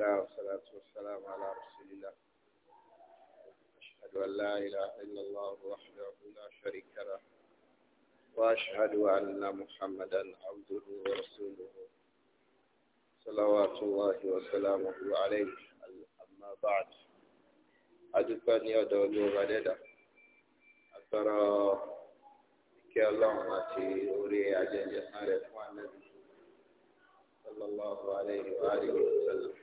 الله والصلاة والسلام على رسول الله أشهد أن لا إله إلا الله وحده لا شريك له وأشهد أن محمدا عبده ورسوله صلوات الله وسلامه عليه أما بعد أدفن أن دولو غددا أترى كي الله أتي أري أجل جسارة النبي صلى الله عليه وآله وسلم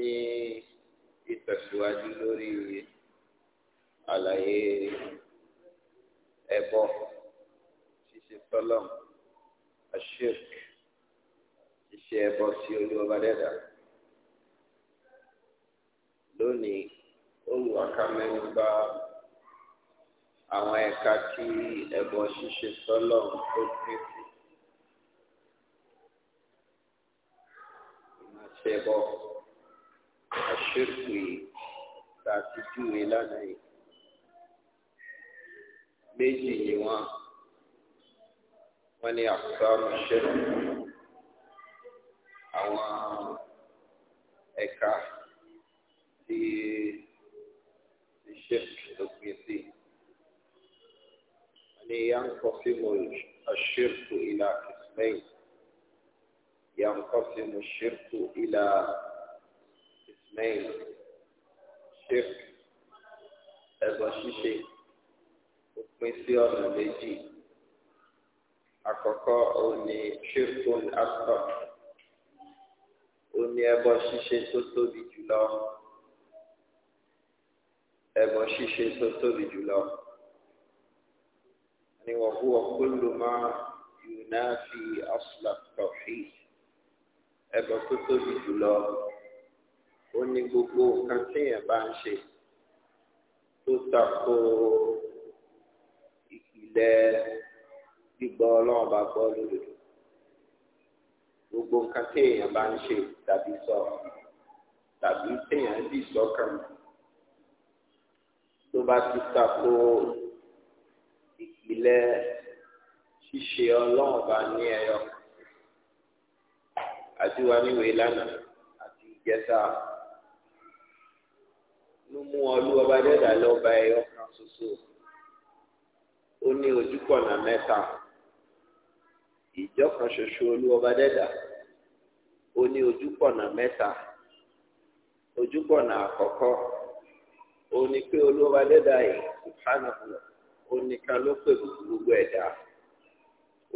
sí ìtẹ̀síwájú lórí àlàyé ẹbọ ṣíṣe tọ́lọ̀ àṣírk ṣíṣe ẹbọ sí olúwa dẹ́dà lónìí olùwàkàmẹ́nu bá àwọn ẹ̀ka tí ẹbọ ṣíṣe tọ́lọ̀ tó pín sí. Ṣé bọ́? ṣírkù yìí tá a ti júwe lánàá yìí méjì ni wọn wọn ní àkùsáàmù ṣírkù àwọn ẹ̀ka tí ṣírkù tó pín sí wọn ní yankosimu ṣírkù ìlà kìsìmẹ́yìn yankosimu ṣírkù ìlà mẹ́yìn ṣírk ẹbọ ṣíṣe ó pín sí ọ̀nà méjì àkọ́kọ́ òun ni ṣírkùn akbar ó ní ẹbọ ṣíṣe tó tóbi jùlọ ẹbọ ṣíṣe tó tóbi jùlọ ni wọ́n hu ọ̀kúlù máa fi asùlà tọ̀fì ẹbọ tó tóbi jùlọ ó ní gbogbo nǹkan téèyàn bá ń ṣe tó tako ìpìlẹ̀ gbígbọ́ ọlọ́run bá gbọ́ lódodo gbogbo nǹkan téèyàn bá ń ṣe tàbí sọ tàbí téèyàn dì sọ́kàn tó bá ti tako ìpìlẹ̀ ṣíṣe ọlọ́run bá ní ẹyọ àti níwèé lánàá àti ìjẹta. ló mú ọba dẹ́dà lọ́ba ẹ̀yọ kan ṣoṣo ó ní ojúkọ̀nà mẹ́ta ìjọ kan ṣoṣo olúwọba dẹ́dà ó ní ojúkọ̀nà mẹ́ta ojúkọ̀nà àkọ́kọ́ ó ní pé olúwọba dẹ́dà yìí subhanahu ó nìkan ló pè gbogbo ẹ̀dá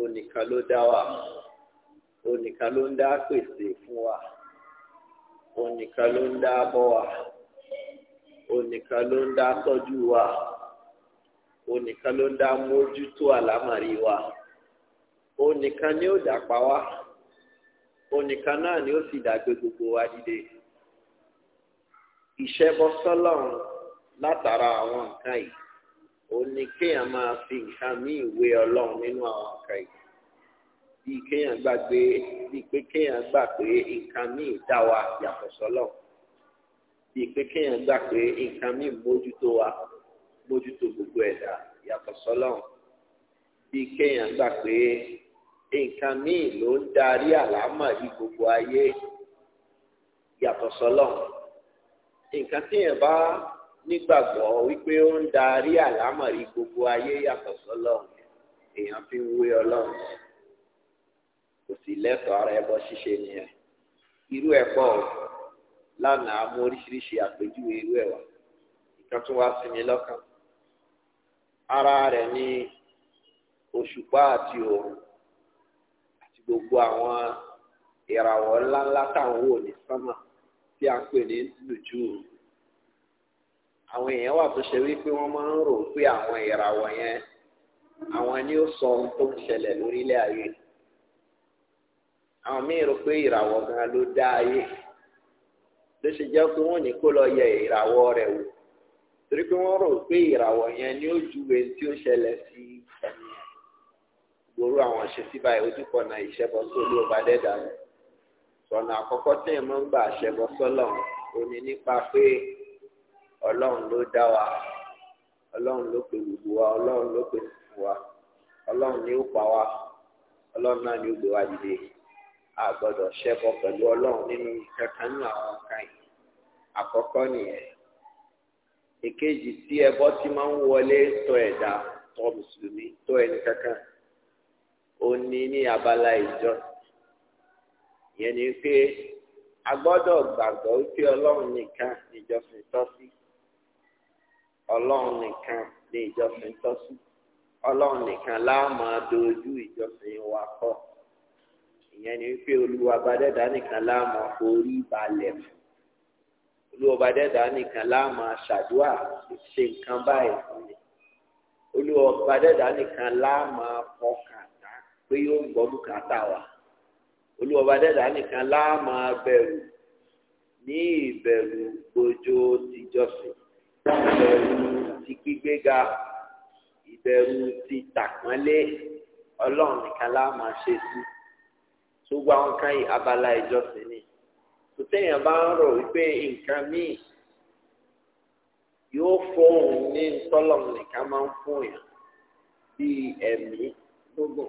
ó nìkan ló dá wa ó ló ń wa. onìkan ló ń dá tọ́jú wa onìkan ló ń dá mójútó àlámàrí wa onìkan ni ó dá pa wá onìkan náà ni ó sì dàgbé gbogbo wa dìde ìṣẹ́bọ sọ́lọ́run látara àwọn nǹkan yìí máa fi nǹkan mí ìwé ọlọ́run nínú àwọn nǹkan yìí bíi kéèyàn pé kéèyàn gbà pé yàtọ̀ bíi pé kéèyàn gbà pé nǹkan míì mójútó wa mójútó gbogbo ẹ̀dá yàtọ̀ sọ́lọ́run bíi kéèyàn gbà pé nǹkan míì ló ń darí àlámọ̀rí gbogbo ayé yàtọ̀ sọ́lọ́run nǹkan téèyàn bá nígbàgbọ́ wípé ó ń darí àlámọ̀rí gbogbo ayé yàtọ̀ sọ́lọ́run èèyàn fi ń wé ọlọ́run kò sì lẹ́tọ̀ọ́ ara ẹbọ ṣíṣe nìyẹn irú ẹ̀ pọ̀ o lánàá mú oríṣiríṣi àpèjúwe irú ẹ̀ wá ìkan tó wá sí mi lọ́kàn ara rẹ̀ ní òṣùpá àti òòrùn àti gbogbo àwọn ìràwọ̀ ńláńlá táwọn wò ní sánmà tí a ń pè ní lùjú àwọn èèyàn wà tó ṣe wípé wọ́n máa ń rò pé àwọn ìràwọ̀ yẹn àwọn ni ó sọ ohun tó ń ṣẹlẹ̀ lórílẹ̀ ayé àwọn míì rò pé ìràwọ̀ gan ló dá ayé ló ṣe jẹ́ pé wọ́n ní kó lọ yẹ ìràwọ̀ rẹ̀ wò torí pé wọ́n rò pé ìràwọ̀ yẹn ni ó júwe tí ó ṣẹlẹ̀ sí ẹni gbòòrò àwọn ṣe sí báyìí ojúkọ̀ náà ìṣẹ́bọ tó ló bá dẹ́dà rẹ̀ sọ̀nà àkọ́kọ́ tí ẹ̀ máa ń gbà ṣẹbọ sọ́lọ́run ó ní nípa pé ọlọ́run ló dá wa ọlọ́run ló pe gbogbo wa ọlọ́run ló pe gbogbo wa ọlọ́run ni ó pa wa ọlọ́run náà ni ó gbé wa dìde a ṣẹbọ pẹ̀lú ọlọ́run nínú kankan nínú àwọn kan yìí àkọ́kọ́ nìyẹn èkejì tí ẹbọ ti máa ń wọlé tọ̀ ẹ̀dá tọ̀ mùsùlùmí tọ̀ ẹni kankan ó ní ní abala ìjọ ìyẹn ni pé a gbọ́dọ̀ gbàgbọ́ wípé ọlọrun nìkan ni ìjọsìn tọ́ sí ọlọ́run nìkan ni ìjọsìn tọ́ sí nìkan láàmú dojú ìjọsìn wa kọ ìyẹn ni wípé olúwa bá dẹ́dá nìkan láàmú orí balẹ̀ fún olúwọba dẹ́dà nìkan láàmà ṣàdúà ṣe nǹkan báyìí fún mi olúwọba dẹ́dà nìkan láàmà fọkàtà pé yóò gbọ́ bùkátà wa olúwọba dẹ́dà nìkan láàmà bẹ̀rù ní ìbẹ̀rù gbòjò tìjọsìn ìbẹ̀rù ti gbígbéga ìbẹ̀rù ti tàpọ́nlé ọlọ́run nìkan láàmà ṣe sí gbogbo àwọn kan yìí abala ìjọsìn ni tòtẹ́yìn bá ń rò wípé nǹkan míì yóò fóun ní tọ́lọ̀mù nìkan máa ń fún yàn bíi ẹ̀mí gbogbo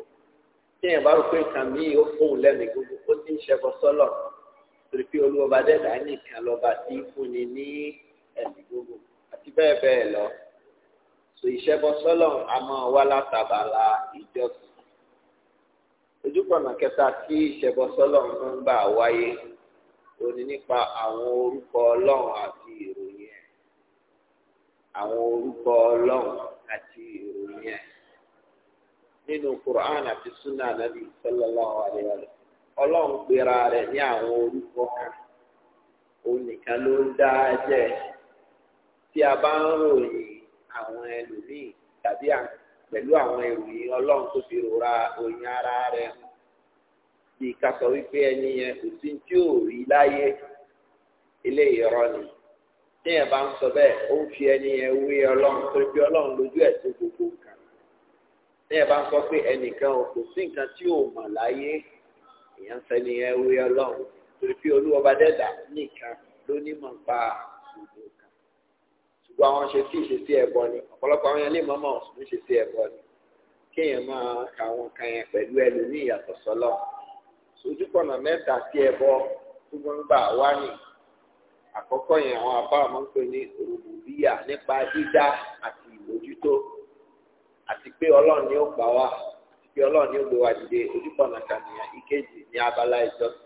tẹ́yìn bá rò pé nǹkan míì yóò fóun lẹ́mìí gbogbo ó ti ń ṣẹbọ sọ́lọ̀ torí pé olúwọba dẹ́dà nìkan lọ́ba tí ń fúnni ní ẹ̀mí gbogbo àti bẹ́ẹ̀ bẹ́ẹ̀ lọ so ìṣẹ́bọ sọ́lọ̀ a máa wá látàbàlà ìjọsìn ojúkọ̀nà kẹta tí ìṣẹ́bọ sọ́lọ̀ ń gbà wáyé. òní nípa àwọn orúkọ ọlọ́run àti ìròyìn ẹ̀ àwọn orúkọ ọlọ́run àti ìròyìn ẹ̀ nínú Qur'an àti sunnah Nabi sallallahu alaihi wa sallam ọlọ́run pera rẹ̀ ní àwọn orúkọ kan ló ń dá jẹ́ tí a bá ń ròyìn àwọn ẹlòmíì tàbí pẹ̀lú àwọn ìròyìn ọlọ́run tó fi rora ara rẹ̀ bí ká sọ wípé ẹni yẹn kò sí tí ò rí láyé eléyìí irọ́ ni téèyàn bá ń sọ bẹ́ẹ̀ ó ń fi ẹni yẹn wé ọlọ́run torí pé ọlọ́run lójú ẹ̀ tó gbogbo nǹkan téèyàn bá ń sọ pé ẹnìkan ò kò sí nǹkan tí ò mọ̀ láyé èèyàn sẹ́ni yẹn wé ọlọ́run torí pé olúwa bá dẹ́dà nìkan ló ní gbogbo nǹkan ṣùgbọ́n àwọn ṣe sí ẹ̀bọ ni ọ̀pọ̀lọpọ̀ àwọn yẹn lè mọ́mọ́ ọ̀sùn ṣe sí ẹ̀bọ ni kéèyàn máa ka àwọn kan yẹn pẹ̀lú ẹlòmíì yàtọ̀ sọ́lọ́run ojúkọ̀nà mẹ́ta sí ẹbọ tó wọ́n ń gbà wá ní àkọ́kọ́ yẹn àwọn àbá àmọ́ ń pè ní òrùbíyà nípa dídá àti ìmójútó àti pé ọlọ́run ni ó gbà wá àti pé ọlọ́run ni ó gbé wá dìde ojúkọ̀nà kànìyàn ìkejì ní abala ìjọsìn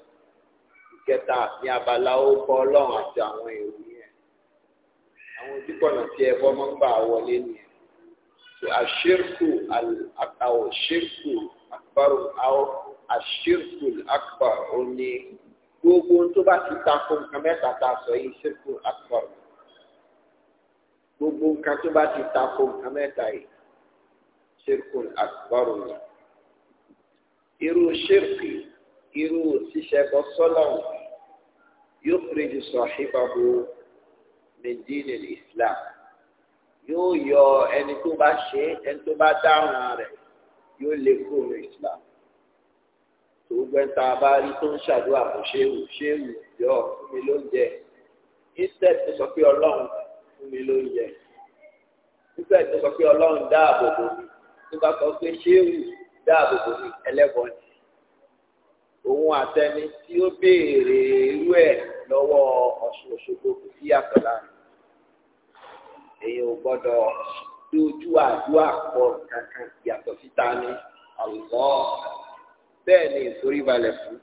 ìkẹta ní abala ó kọ́ ọlọ́run àti àwọn èrò yẹn àwọn ojúkọ̀nà tí ẹbọ máa ń gbà wọlé nìyẹn àṣírkù àwọ̀ ṣírkù àkùbárò àwọn àṣírkùl akbar ò ní gbogbo tó bá ti tako nǹkan mẹ́ta tá a sọ yìí ṣírkùl akbar gbogbo nǹkan tó bá ti tako nǹkan mẹ́ta yìí ṣírkùl akbar ò ní. irú ṣírkì irú ṣíṣẹ́ bọ́ sọ́lá ò ní yóò péréjì sọ̀híbàbò ní islam yóò yọ ẹni tó bá ṣe ẹni tó bá dáhùn rẹ̀ yóò lè kúrò islam gbogbo ẹ̀ta bá rí tó ń ṣàdúrà fún ṣéwù ṣéwù yọ fún mi lóúnjẹ instead tó sọ pé ọlọ́run fún mi lóúnjẹ instead tó sọ pé ọlọ́run dáàbò bò mí tó bá sọ pé ṣéwù dáàbò bò mí ẹlẹ́bọn ni òun àtẹni tí ó béèrè irú ẹ̀ lọ́wọ́ Ọ̀ṣun Òṣogbo kò sí yàtọ̀ èyí ò gbọ́dọ̀ dojú àdúrà pọ̀ kankan yàtọ̀ síta ní àwùjọ. bẹ́ẹ̀ ni ìforíbalẹ̀ fún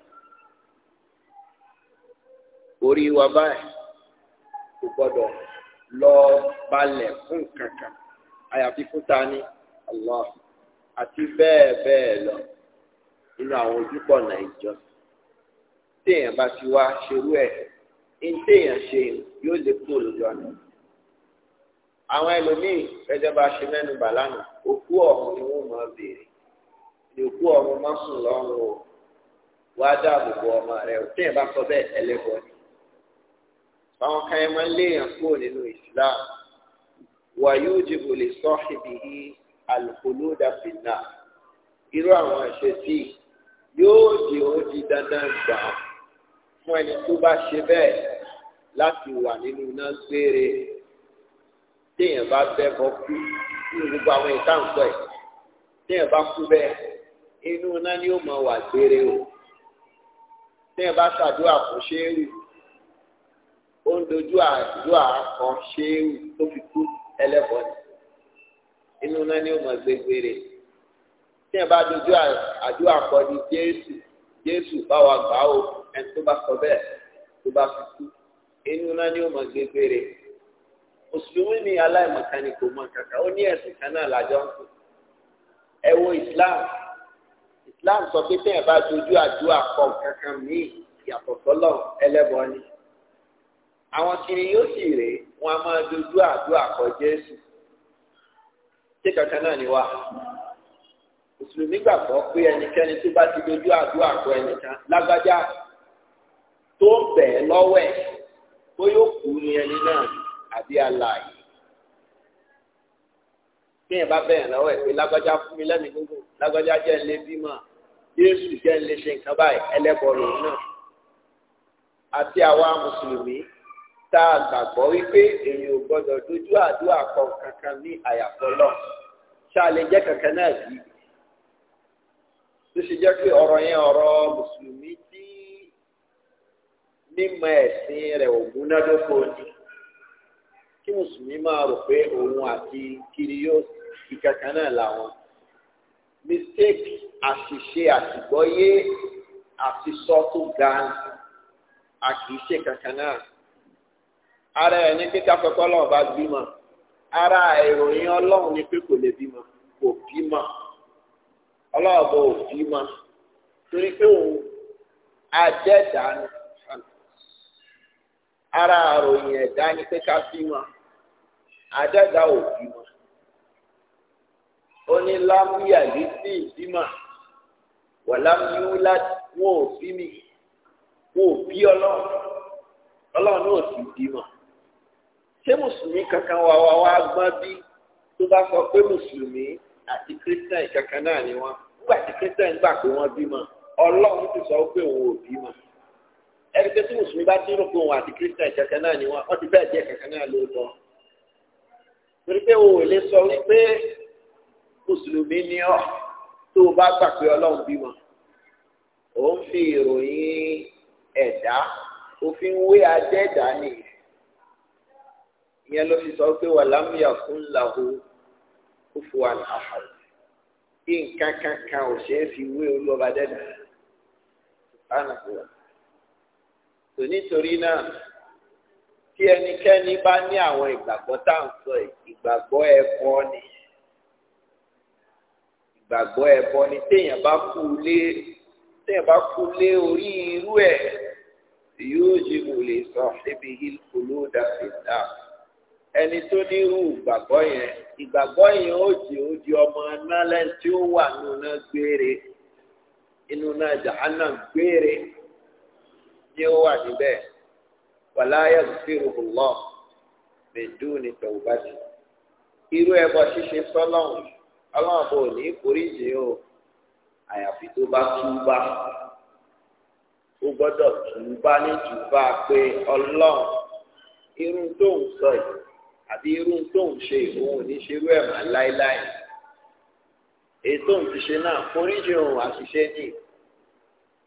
orí wa báyìí kò gbọ́dọ̀ lọ balẹ̀ fún kankan àyàfi fún ta ni Allah àti bẹ́ẹ̀ bẹ́ẹ̀ lọ nínú àwọn ojúbọ náà téèyàn bá ti wá ṣerú ẹ̀ ń téèyàn ṣe yóò lè kú olójú ọ̀nà àwọn ẹlòmíì gẹ́gẹ́ bá ṣe mẹ́nu bà lánàá òkú ọ̀hún ni wọ́n máa béèrè èkú ọ̀run má sùn lọ́rùn o wá dáàbò bo ọmọ rẹ o tẹ́yìn bá sọ bẹ́ẹ̀ ẹlẹ́bọ ni. àwọn kan yẹn máa ń léèyàn kúrò nínú Islam wà yóò jìbò lè sọ ìbìyí alùpùpù dàpínà irú àwọn àṣetì yóò di ó di dandan gbà fún ẹni tó bá ṣe bẹ́ẹ̀ láti wà nínú iná gbére téèyàn bá bẹ́ bọ́ kú nínú gbogbo àwọn ìtàǹkọ́ ẹ̀ téèyàn bá kú bẹ́ẹ̀ inú iná ni ó mọ wà gbére o tí ẹ bá ṣàdúrà fún ṣéwù ó ń dojú àdúrà kan ṣéwù tó fi kú ẹlẹ́bọ̀n inú iná ni ó mọ gbé gbére tí ẹ bá dojú àdúrà kan ní Jésù Jésù bá wa gbà ó ẹni tó bá sọ bẹ́ẹ̀ tó bá fi kú inú iná ni ó mọ gbé mùsùlùmí ni aláìmọ̀kan kò mọ̀ kankan ó ní ẹ̀sìn kan náà lájọ́ ń kú ẹ wo Islam. Islam sọ pé tẹ́yìn bá dojú àdúrà kọ kankan míì yàtọ̀ sọ́lọ̀ ẹlẹ́bọ ni àwọn kiri yóò sì rèé wọn a máa dojú àdúrà kọ Jésù ṣé kankan náà ni wà mùsùlùmí gbàgbọ́ pé ẹnikẹ́ni tó bá ti dojú àdúrà kọ ẹnìkan lágbájá tó ń bẹ̀ ẹ́ lọ́wọ́ ẹ̀ bóyá ó kú ni ẹni náà àbí aláàyè bí yẹn bá bẹ̀yàn lọ́wọ́ ẹ̀ pé lágbájá fún mi lẹ́mìí gbogbo lágbájá jẹ́ ń lé bímọ Jésù jẹ́ ń lé ṣe nǹkan báyìí ẹlẹ́bọ lòun náà àti àwa mùsùlùmí tá a gbàgbọ́ wípé èyí ò gbọ́dọ̀ dojú àdúrà kan kankan ní àyàfọ́ lọ ṣá lè jẹ́ kankan náà bí tó ṣe jẹ́ pé ọ̀rọ̀ yẹn ọ̀rọ̀ mùsùlùmí tí mímọ̀ ẹ̀sìn rẹ̀ ò múnádókò ni kí mùsùlùmí máa rò pé òun àti kiri yóò ìkẹ̀kẹ́ náà làwọn mistake àṣìṣe àtìgbọ́yé àtisọ́ tó ga a kì í ṣe kankan náà ara ẹ̀ ní kíkà pẹ́pẹ́ ọlọ́run bá bímọ ara ìròyìn ọlọ́run ni pé kò lè bímọ kò bímọ ọlọ́run bò bímọ torí pé òun ajẹ́dá ni ara ìròyìn ẹ̀dá ni pé ká bímọ ajẹ́dá ò bímọ ó ní lámúyà lé sí ìbímọ wà lámúyúlá wọn ò bí mi wọn ò bí ọlọ́run ọlọ́run náà sì bímọ ṣé mùsùlùmí kankan wà wá wá gbọ́n bí tó bá sọ pé mùsùlùmí àti kírísítẹ́nì kankan náà ni wọ́n nígbà tí kírísítẹ́nì gbà pé wọ́n bímọ ọlọ́run ti sọ pé òun ò bímọ ẹni pé tí mùsùlùmí bá ti rò pé òun àti kírísítẹ́nì kankan náà ni wọ́n wọ́n bẹ́ẹ̀ jẹ́ kankan náà lóòótọ́ torí pé òun ò lè sọ wípé mùsùlùmí ni ọ́ tó o bá gbà pé ọlọ́run bímọ ò ń fi ìròyìn ẹ̀dá òfin wé adẹ́ẹ̀dá nìyẹn ìyẹn ló fi sọ pé walam yakun lahu kufuwan ahad kí nǹkan kankan ò ṣeé fi wé olúwa dẹ́dà ánàkùnrin tò nítorí náà tí ẹnikẹ́ni bá ní àwọn ìgbàgbọ́ tá à ń sọ ìgbàgbọ́ ẹ̀kọ́ nìyẹn gbàgbọ́ ẹbọ ni téèyàn bá kú lé téèyàn bá kú lé orí irú ẹ̀ yóò ṣe wò lè sọ níbi olóòdà fìdá ẹni tó ní irú ìgbàgbọ́ yẹn ìgbàgbọ́ yẹn ó di ó di ọmọ nálẹ̀ tí ó wà nínú gbére inú náà jahannam gbére tí ó wà níbẹ̀ wàláyà fìrùhùn lọ mẹdùn ní tòwúbàjì irú ẹbọ ṣíṣe sọlọ́hùn ọlọ́run kò ní foríjì o àyàfi tó bá túbà ó gbọ́dọ̀ túbà ní túbà pé ọlọ́run irú tó ń sọ yìí àbí irú tó ń ṣe òun ò ní ṣerú ẹ̀ mà láéláé ètò ń ti náà foríjì òun àṣìṣe ni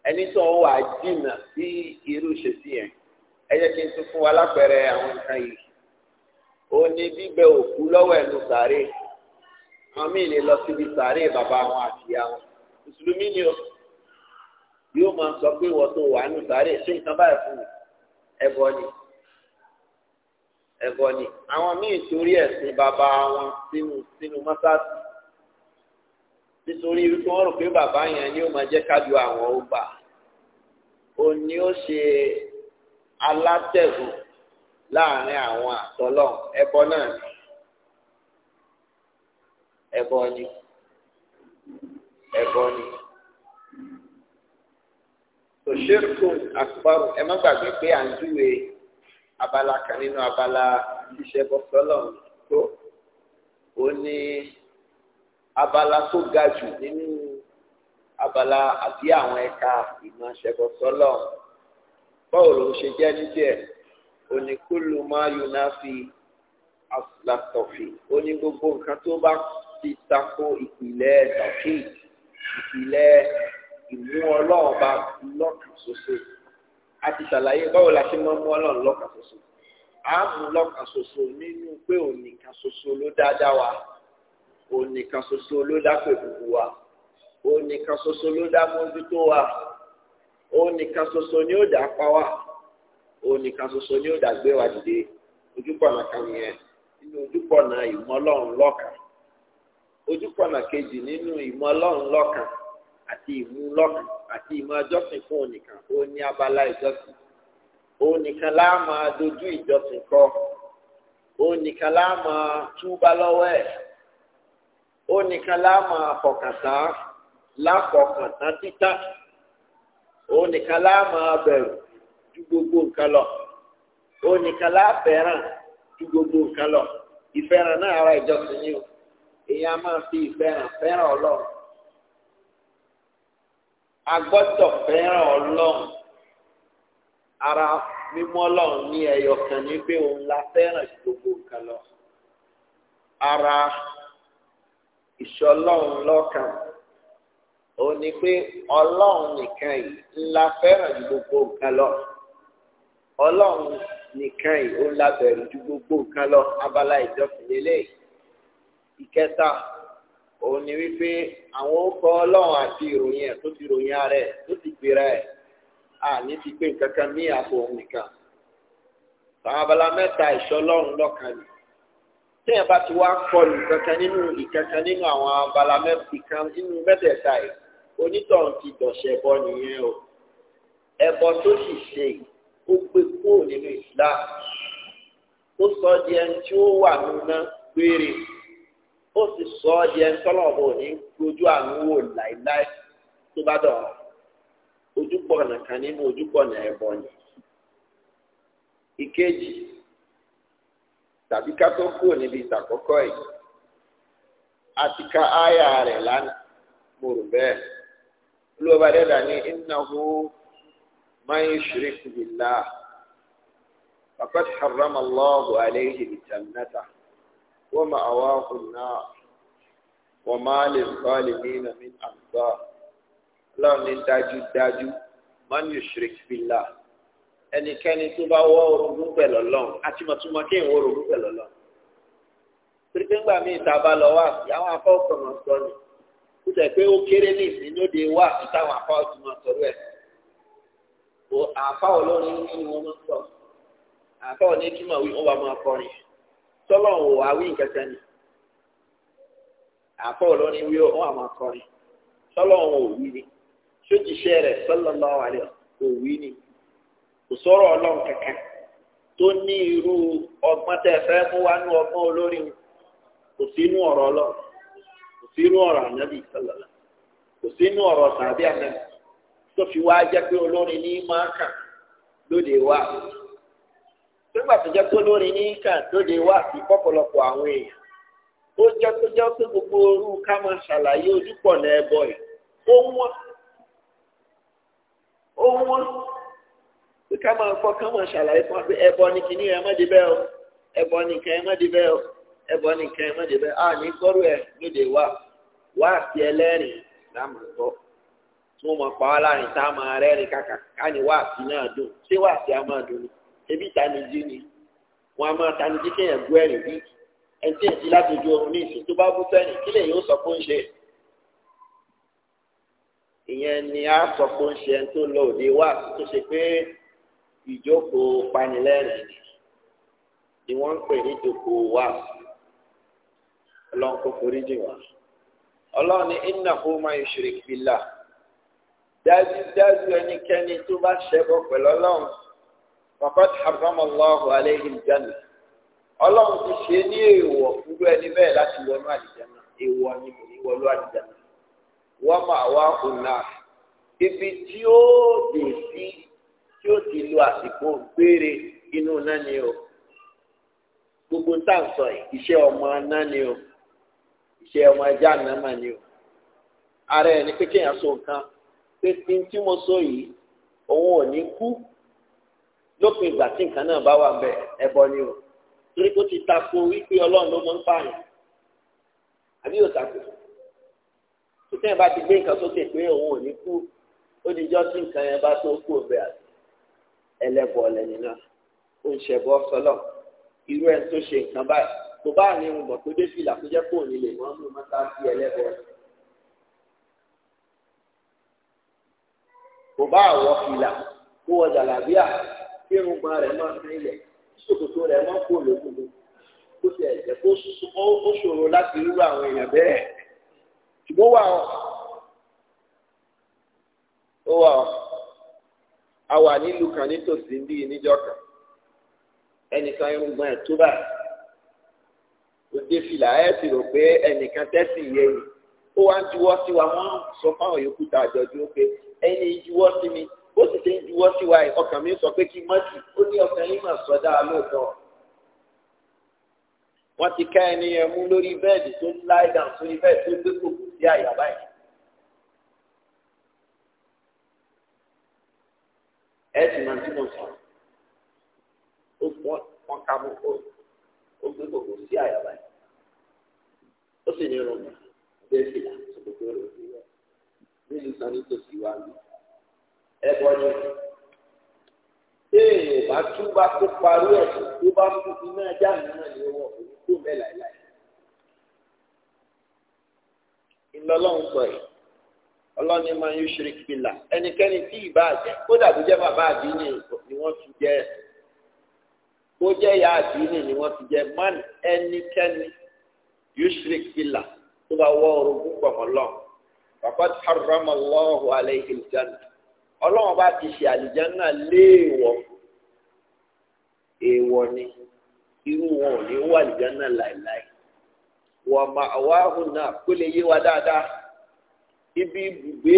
ẹni tó ń wà jìnnà sí irú ṣe yẹn ẹ jẹ́ kí n tún fún wa lápẹẹrẹ àwọn nǹkan yìí ó ní bíbẹ òkú lọ́wọ́ ẹnu sàréè àwọn míì lè lọ síbi sàárè bàbá wọn àti ìyá wọn mùsùlùmí ni o yóò máa sọ pé wọ́n tó wà nù sàárè ṣé nǹkan báyìí fún mi ẹbọ ni ẹbọ ni àwọn míì torí ẹ̀sìn bàbá wọn sínú sínú mọ́sáàsì nítorí wípé wọ́n rò pé bàbá yẹn ni ó máa jẹ́ kájú àwọn ó gbà ó ṣe alátẹ̀gùn láàrin àwọn àtọ́lọ́ ẹbọ náà ni ẹbọ ni ẹbọ ni tòṣèrìkò àkùbárò ẹ má gbàgbé pé à ń júwe abala kan nínú abala ṣíṣe bọ́sọ́lọ̀ tó ó ní abala tó ga jù nínú abala àti àwọn ẹ̀ka ìmọ̀ ṣẹ̀bọ̀ sọ́lọ̀ báwo ló ń ṣe jẹ́ níbẹ̀ oníkúlù máa yóná fi àtúntàtọ̀fì ó ní gbogbo nǹkan tó bá ti tako ìpìlẹ̀ tawhid ìpìlẹ̀ ìmú ọlọ́run bá lọ́kàn ṣoṣo a ti ṣàlàyé báwo la ṣe máa ń mú ọlọ́run lọ́kàn ṣoṣo a mú lọ́kàn ṣoṣo nínú pé ònìkan ṣoṣo ló dáadáa wa ònìkan ṣoṣo ló dá pẹ̀lú wa ònìkan ṣoṣo ló dá mójútó wa ònìkan ṣoṣo ni ó dá pa wá ònìkan ṣoṣo ni ó dá gbé wa dìde ojúbọ̀nà kan yẹn nínú ojúbọ̀nà ìmọ̀ ọlọ́run lọ́kàn ojúkọ̀nà kejì nínú ìmọ̀ ọlọ́run lọ́kan àti ìmú lọ́kan àti ìmọ̀ ọjọ́sìn fún onìkan ó ní abala ìjọsìn onìkan láà máa dojú ìjọsìn kọ onìkan láà máa túbá lọ́wọ́ ẹ̀ onìkan láà máa fọkàntà láfọkàntà títà onìkan láà máa bẹ̀rù ju gbogbo nǹkan lọ onìkan láà fẹ́ràn ju gbogbo nǹkan lọ ìfẹ́ràn náà ara ìjọsìn ni o èèyàn máa fi ìfẹ́ràn fẹ́ràn ọlọ́run a gbọ́dọ̀ fẹ́ràn ọlọ́run ara mímọ́ ọlọ́run ní ẹyọ kan ní pé òun la fẹ́ràn gbogbo nǹkan lọ ara ìṣọlọ́run lọ́kàn òun ni pé ọlọ́run nìkan yìí ńlá fẹ́ràn ju gbogbo nǹkan lọ ọlọ́run nìkan yìí ó ńlá bẹ̀rù ju gbogbo nǹkan lọ abala ìjọsìn lélẹ́yìí ìkẹta òun ni wípé àwọn orúkọ ọlọ́run àti ìròyìn ẹ̀ tó ti ròyìn ara ẹ̀ tó ti gbéra ẹ̀ àní ti pé nǹkan kan ní àpò òun nìkan àwọn abala mẹ́ta ìṣọlọ́run lọ́kàn ni téèyàn bá ti wá kọlù kankan nínú ìkankan nínú àwọn abala mẹ́kan nínú mẹ́tẹ̀ẹ̀ta yìí onítọ̀hún ti dọ̀ṣẹ̀ ẹbọ nìyẹn o ẹbọ tó sì ṣe ó gbé kúrò nínú ìsìlá ó sọ di ẹni tí ó wà nínú náà gbére. ó sì sọ ọ́ di ẹni tọ́lọ̀ ọ̀bọ òní ojú àánú wò láéláé tó bá dọ̀ ojúpọ̀ nìkan nínú ojúpọ̀ ní ẹ̀bọ ni. ìkejì tàbí ká tó kúrò níbi ìtàkọ́kọ́ yìí àti ka áyà rẹ̀ lánàá mo rò bẹ́ẹ̀ olùwọ́ba dẹ́dà ní innahu ومأواه النار وما للظالمين من أنصار ọlọ́run ní dájúdájú man yushrik billah ẹnikẹ́ni tó bá wọ́ orogún pẹ̀lú ọlọ́run àti mọ̀túmọ̀ kí n wọ́ orogún pẹ̀lú ọlọ́run pírípé ńgbà míì tá a bá lọ wá sí àwọn afọ́kànnà sọ ni ó jẹ́ pé ó kéré ní ìsínlóde wá sí táwọn afọ́kànnà sọ̀rọ̀ ẹ̀ àfáwọn olórin ni wọ́n máa ń sọ àfáwọn wí wọ́n wá máa kọrin tọ́lọ́run wà wí ni àpọ̀ olórin wí wọn àmọ́ akọrin tọ́lọ́run wí ni sójìṣẹ́ rẹ̀ sallallahu alaihi ò wí ni kò sọ̀rọ̀ ọlọ́run kankan tó ní irú ọgbọ́n tẹ́ fẹ́ mú wá ní ọgbọ́n olórin kò ọ̀rọ̀ ọlọ́run kò ọ̀rọ̀ ànábì kò ọ̀rọ̀ sàbí ànábì tó fi wá jẹ́ pé olórin ní máa kà nígbà tó jẹ́ pé lórí ní kàńtóde wá sí pọ̀pọ̀lọpọ̀ àwọn èèyàn ó jẹ́ tó jẹ́ pé gbogbo orú ká máa ṣàlàyé ojúpọ̀ náà ẹbọ yìí ó wọ́n pé ká máa ká máa ṣàlàyé fún wa pé ẹbọ ni kìíní ẹ má o ẹbọ ni kẹ́ ẹ má débẹ̀ o ẹbọ ni kẹ́ ẹ má débẹ̀ a ní gbọ́rú ẹ lóde wá wá sí ẹlẹ́rìn láàmú gbọ́ tí wọ́n ebi ìtanijí ni wọn a máa tanijí kéèyàn gbọ́ ẹ̀rìn bí ẹtí ẹtí láti ju ohun ní ìsìn tó bá bú sẹ́yìn kí lè yóò sọ pé ń ṣe ìyẹn ni a sọ pé ń ṣe ẹni tó lọ òde wá tó ṣe pé ìjókòó panilẹ́rìn ni wọ́n ń pè ní ìjókòó wá ọlọ́run kò forí jì wá ọlọ́run ní innahu man yushrik billah dájúdájú ẹnikẹ́ni tó bá ṣẹbọ pẹ̀lú ọlọ́run faqad harrama Allahu alayhi al-janna ọlọ́run ti ṣe ní èèwọ̀ fúru ẹni bẹ́ẹ̀ láti wọnú àlìjáná èèwọ̀ ni kò ní wọlú àlìjáná wọ́n máa wá ọ̀nà ibi tí ó dé sí tí ó ti lo àsìkò gbére inú náà o gbogbo ń tà ń sọ ọmọ náà o iṣẹ́ ọmọ ẹja náà ni o ara ẹni pé kéèyàn so nǹkan pé tí mo so yìí òun ò ní kú lópin ìgbà tí nǹkan náà bá wà bẹ ẹbọ ni o torí kó ti tako wípé ọlọ́run ló mọ ń pààyàn àbí yóò tako títẹ̀ bá ti gbé nǹkan sókè pé òun ò ní kú ó di jọ́ tí nǹkan yẹn bá tó kú òbẹ̀ àti ẹlẹ́bọ̀ lẹ́ni náà ó ń ṣẹ̀bọ̀ sọlọ irú ẹ̀ tó ṣe nǹkan báyìí kò bá ní ìrùn bọ̀ tó dé tó jẹ́ kóòní lè mọ́ mú mọ́tà sí ẹlẹ́bọ̀ kò bá àwọ̀ fìlà kó wọ irun gba rẹ̀ máa fi ilẹ̀ ṣòkòtò rẹ̀ máa kó lójúmọ́ kó tiẹ̀ jẹ́ kó ṣòro láti rírú àwọn èèyàn bẹ́ẹ̀ ṣùgbọ́n wà ọ́ ó wà ọ́ a wà nílùú kan nítòsí bí níjọ́ kan ẹnìkan irun gbọ́n ẹ̀ tó báyìí ó dé fìlà ẹ̀ sì rò pé ẹnìkan tẹ́sí yẹ yìí ó wá ń juwọ́ sí wa wọ́n sọ fáwọn yòókù tá a jọ dúró pé ẹni juwọ́ sí mi ó sì ṣe ń juwọ́ sí wa yìí ọkàn mi sọ pé kí mọ́tì ó ní ọkàn yín mà sọ dáa lóòótọ́ wọ́n ti ká ẹni yẹn mú lórí bẹ́ẹ̀dì tó ń láì sórí bẹ́ẹ̀dì tó gbé kòkò sí àyà báyìí. ẹ sì máa tí mo sọ ó wọ́n wọ́n ká mú kó ó gbé kòkò sí àyà báyìí ó sì ní irun bẹ́ẹ̀ sì là tó gbogbo rẹ̀ ó ti rẹ̀ nílùú sanni tó sì wá lù ẹbọ ni téèyàn bá túbá tó parí ẹsùn tó bá kú iná ajá náà ni wọ òun tó bẹ láìláì ìlọlọrun sọ yìí ọlọ́ni máa yún ṣíríkì bìlà ẹnikẹ́ni tí ìbá jẹ kódà tó jẹ́ bàbá àdínì ni wọ́n ti jẹ́ kó jẹ́ ìyá àdínì ni wọ́n ti jẹ́ man ẹnikẹ́ni yún ṣíríkì bìlà tó bá wọ orogún pọ̀ lọ́wọ́ bàbá tí haramallahu alayhi aljanna ọlọ́run bá ti ṣe àlìjánná léèwọ̀ èèwọ̀ ni irú wọn ò ní wọ àlìjánná láìláì wọ́n máa wá hùn náà kó lè yé wa dáadáa ibi ibùgbé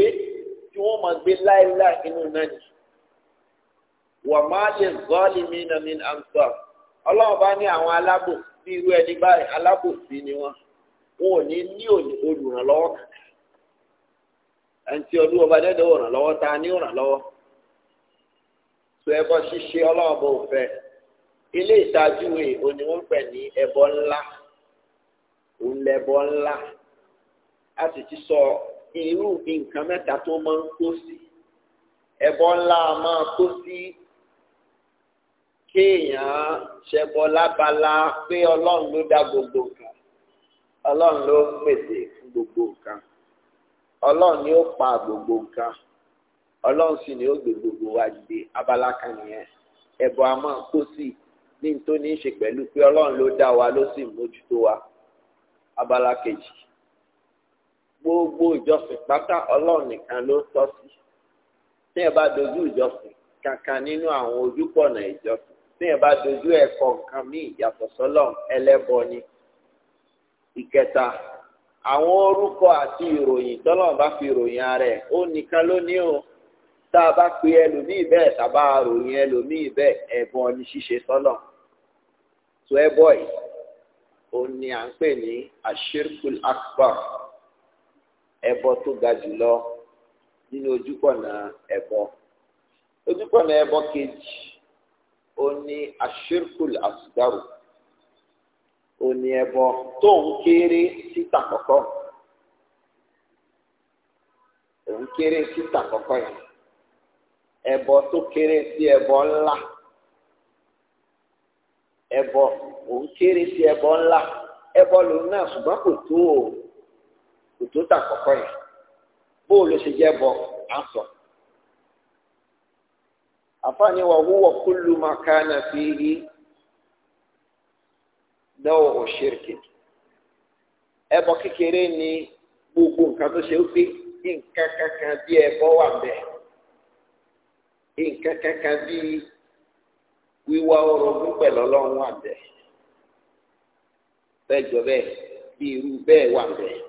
tí wọ́n máa gbé láìláì inú náà ni wọ́n máa lè zọ́ọ̀lì mí nà mí àǹtọ̀ ọlọ́run bá ní àwọn alábò irú ẹni báyìí alábòsí ni wọ́n wọn ò ní ní olùrànlọ́wọ́ kan ẹnití ọdún ọba dẹ́dẹ́ ò ràn lọ́wọ́ ta ni ò ràn lọ́wọ́ tó ẹbọ ṣíṣe ọlọ́ọ̀bọ òfẹ́ ilé ìtajúwe òní wọ́n pè ní ẹbọ ńlá òun lẹbọ ńlá a sì ti sọ irú nǹkan mẹ́ta tó máa ń kó sí ẹbọ ńlá máa kó sí kéèyàn ṣẹbọ lábala pé ọlọ́run ló dá gbogbo nǹkan ọlọ́run ló pèsè fún gbogbo nǹkan ọlọ́run ni ó pa gbogbo nǹkan ọlọ́run sì ni ó gbé gbogbo wa dìde abala kan nìyẹn ẹ̀bùn a máa kó sí ní tó ní í ṣe pẹ̀lú pé ọlọ́run ló dá wa ló sì mójútó wa abala kejì gbogbo ìjọsìn pátá ọlọ́run nìkan ló tọ́ sí tí ẹ bá dojú ìjọsìn kankan nínú àwọn ojúpọ̀nà ìjọsìn tí ẹ bá dojú ẹ̀kọ́ nǹkan míì yàtọ̀ sọ́lọ́run ẹlẹ́bọ ni ìkẹta àwọn orúkọ àti ìròyìn tọ́lọ́run bá fi ròyìn ara ó nìkan ló ní o tá a bá pe ẹlòmíì bẹ́ẹ̀ tàbá ròyìn ẹlòmíì bẹ́ẹ̀ ẹ̀bùn ọ̀nì ṣíṣe sọ́nà tó ẹ bọ̀ yìí ó ní à ń pè ní ashirkul akbar ẹbọ tó ga jùlọ nínú ojúkọ̀nà ẹbọ ojúkọ̀nà ẹbọ kejì ó ní ashirkul asgaru. òní ẹbọ tó ń kéré síta kọ̀kọ́ òun kéré síta kọ̀kọ́ yẹn ẹbọ tó kéré sí ẹbọ ńlá ẹbọ òun kéré sí ẹbọ ńlá ẹbọ lòun o kò tó ta yẹn o ṣe jẹ́ bọ á sọ. àfààní wa huwa náà ò ṣèrìkì ẹbọ kékeré ni gbogbo nǹkan tó ṣe ó pé nǹkan kankan bí ẹbọ wà bẹ́ẹ̀ nǹkan kankan bí wíwá orogún pẹ̀lú ọlọ́run wà bẹ́ẹ̀ bẹ́ẹ̀ jọ bẹ́ẹ̀ bí irú bẹ́ẹ̀ wà bẹ́ẹ̀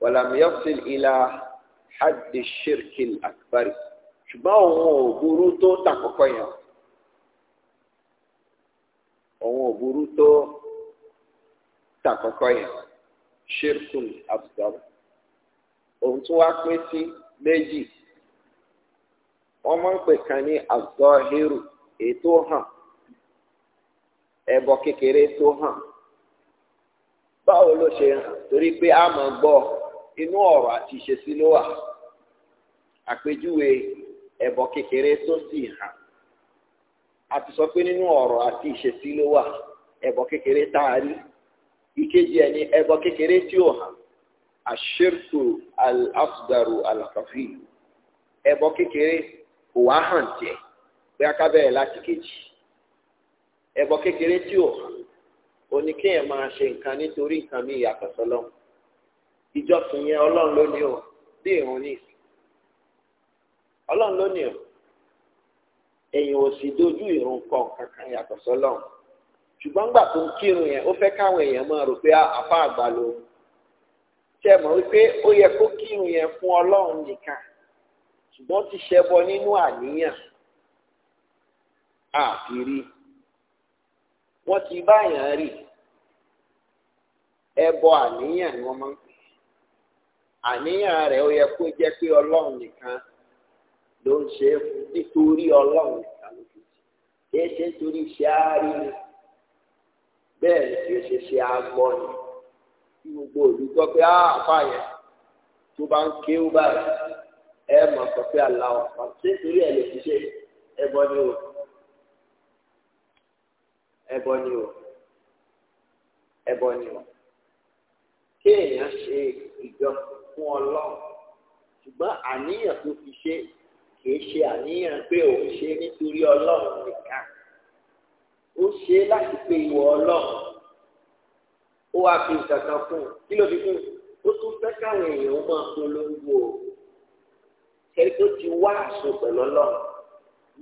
wàlàmíyọ́sìn ìlà hajj shirkil akbari ṣùgbọ́n òun ò burú tó tàkọ́kọ́ yẹn. Ọnwụ oburu burú tó tàkọ́kọ́ yẹn ṣírkùn àbùdàbù òun tún pín sí méjì wọ́n máa ń pè kan ní àzọ́hírù èyí tó hàn ẹbọ kékeré tó hàn báwo ló ṣe hàn torí pé a máa gbọ́ inú si àti ìṣesí ló wà àpèjúwe ẹbọ kékeré tó àti sọ pé nínú ọ̀rọ̀ àti ìṣesí a rí ìkejì ẹ̀ ní ẹbọ kékeré tí ó hàn àṣírkù al-afdaru al kékeré kò wá hàn tiẹ̀ pé akábẹ̀rẹ̀ láti kejì ẹbọ kékeré tí ó hàn oníkéèyàn máa ṣe nǹkan nítorí nǹkan mi ìyàtọ̀ sọlọ́run ìjọsìn yẹn ọlọ́run ló ní bí ìrún ní ọlọ́run èyàn ò sì dojú ìrun kan kankan yàtọ̀ sọ́lọ̀ ṣùgbọ́n gbà tó ń kírun yẹn ó fẹ́ káwọn èèyàn máa rò pé ah, àfa àgbà ló ṣe mọ̀ wípé ó yẹ kó kírun yẹn fún ọlọ́run nìkan ṣùgbọ́n ti ṣẹbọ nínú àníyàn àfìrí wọ́n ti báyàn rí ẹbọ àníyàn ni wọ́n máa ń pè àníyàn rẹ̀ ó yẹ kó jẹ́ pé ọlọ́run nìkan ló ń ṣe é fún nítorí ọlọ́run nìkan ló fi ṣe é ṣe nítorí iṣẹ́ àárín bẹ́ẹ̀ ni kì í ṣe ṣe àgbọ̀ ni kí gbogbo olùkọ́ pé àáfà yẹn tó bá ń ké ó báyìí ẹ mọ̀ sọ pé àlà ọ̀pá ṣé nítorí ẹ̀ lè fi ṣe ẹbọ ni o ẹbọ ni o ẹbọ ni o kéèyàn ṣe ìjọ fún ọlọ́run ṣùgbọ́n àníyàn tó fi ṣe é kì í ṣe àníyàn pé òun ṣe nítorí ọlọ́run nìkan ó ṣe láti pé ìwọ ọlọ́run ó wá fi kankan fún un kí ló fi fún un ó tún fẹ́ káwọn èèyàn ó máa polongo kẹ́rí tó ti wá àṣọ pẹ̀lú ọlọ́run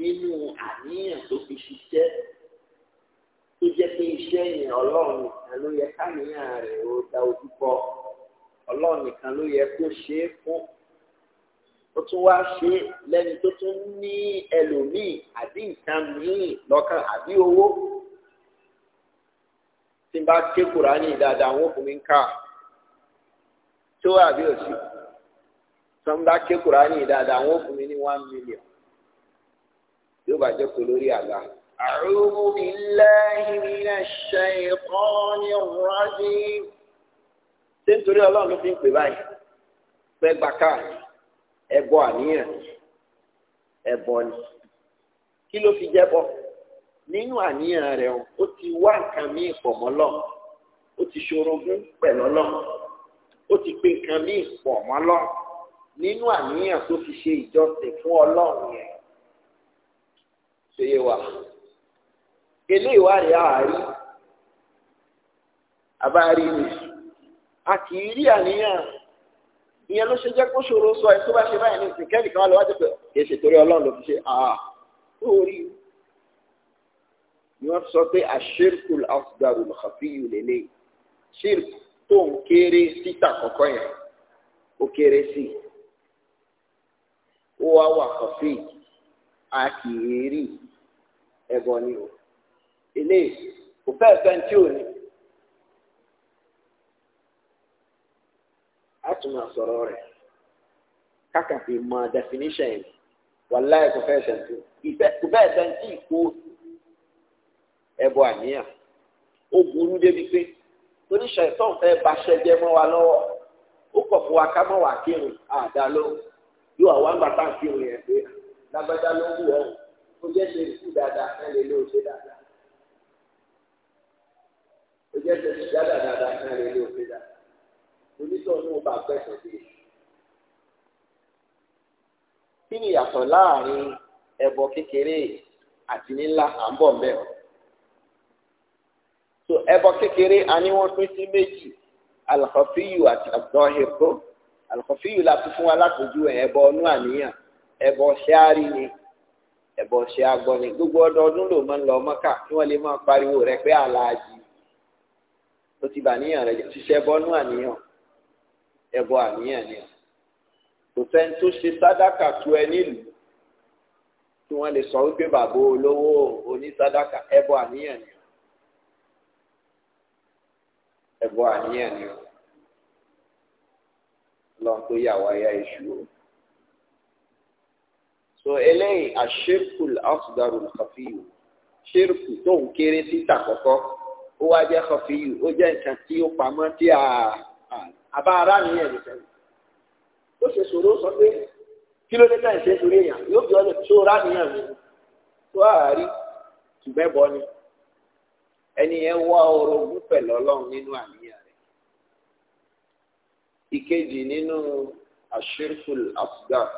nínú àníyàn tó fi ṣiṣẹ́ tó jẹ́ pé iṣẹ́ yẹn ọlọ́run nìkan ló yẹ káníyàn rẹ̀ ó da ojú kọ ọlọ́run nìkan ló yẹ kó ṣe é fún ó tún wá ṣe lẹ́ni tó tún ní ẹlòmíì àbí nǹkan míì lọ́kàn àbí owó tí n bá ké kùránì dáadáa wọn fún mi tó àbí òsì tí n bá ké kùránì dáadáa wọn fún ní one million yóò bá jókòó lórí àga. أعوذ بالله من الشيطان الرجيم. Ṣé الله Ọlọ́run ló fi ń pè ẹbọ àníyàn ẹbọ ni kí ló fi jẹbọ nínú àníyàn rẹ o ó ti wá nǹkan míì pọ̀ mọ́ Ọlọ́run ó ti ṣorogún pẹ̀lú Ọlọ́run ó ti pe nǹkan míì pọ̀ mọ́ Ọlọ́run nínú àníyàn tó fi ṣe ìjọsìn fún Ọlọ́run yẹn ṣe yé wa eléyìí wá àárí àbárí ni a kì í rí àníyàn ìyẹn ló ṣe jẹ́ kó ṣòro sọ ẹ̀ tó bá ṣe báyìí ní ìsìn kẹ́nìkan lọ́wọ́ jẹ́ pé kì í ṣe torí ọlọ́run ló fi ṣe àá tó rí i ni wọ́n sọ pé àṣírkù asgaru lọ́kàfíyù lélẹ̀ ṣírkù tó ń kéré síta kọ̀kọ́ yẹn ó kéré sí i ó wá wà kọ̀fí a kì í rí ẹ̀bọ ni o eléyìí kò fẹ́ẹ̀ fẹ́ tí ò ní a tún máa sọ̀rọ̀ rẹ̀ kákàfé definition yìí wàláì kò fẹ́ sẹ́ńtì kò fẹ́ sẹ́ńtì ìkó ẹbọ àníyàn ó burú débi pé oníṣẹ́ ìtàn fẹ́ baṣẹ́ jẹ́ mọ́ wa lọ́wọ́ ó kọ̀ fún wa ká mọ̀ wá kírun àdá ló yóò àwọn àgbàtà kírun yẹn pé lágbájá ló wù ọ́ ó jẹ́ ṣe ìkú dáadáa ẹ̀ lè lé òṣè ó jẹ́ ṣe ìṣẹ́ dáadáa ẹ̀ lè lé òṣè dáadáa onítọ̀ọ́nù ọba gbẹ̀sẹ̀ sí i. kí ni ìyàtọ̀ láàrin ẹbọ kékeré àti nílá à ń bọ̀ mbẹ́ ọ? so ẹbọ kékeré a ní wọ́n pín sí méjì alakọ̀fíyù àti àgbọ̀hìn kó alakọ̀fíyù la fi fún wa látòjú ẹbọ ọnú àníyàn ẹbọ ṣáárì ni ẹbọ ṣe agbọ ni gbogbo ọdọọdún ló máa ń lọ mọ́kà kí wọ́n lè máa pariwo rẹ pé aláàjì ó ti bà níyàn rẹ ṣiṣẹ́ bọ́nú àníyàn ẹbọ àníyàn ni kò sẹ́ni tó ṣe sádàkà tó ẹ nílùú tí wọ́n lè sọ wípé bàbá olówó onísádàkà ẹbọ àníyàn ni ẹbọ àníyàn ni lọ́n tó yà wáyà èṣù o. so eléyìí àṣírkùl asùdàrùn kàfíyù ṣírkù tó ń kéré títà kọ́kọ́ ó wá jẹ́ kàfíyù ó jẹ́ nǹkan tí ó pamọ́ tí a àbá ara mi yẹn nìkan ó ṣe sòro sọ pé kí ló dé táyì ṣe torí èèyàn yóò bí ọdún tó rà níyàn mi tó àárí tùbẹ́bọ ni ẹni yẹn wá orogún pẹ̀lú ọlọ́run nínú àníyàn rẹ̀ ìkejì nínú ashirkul asgar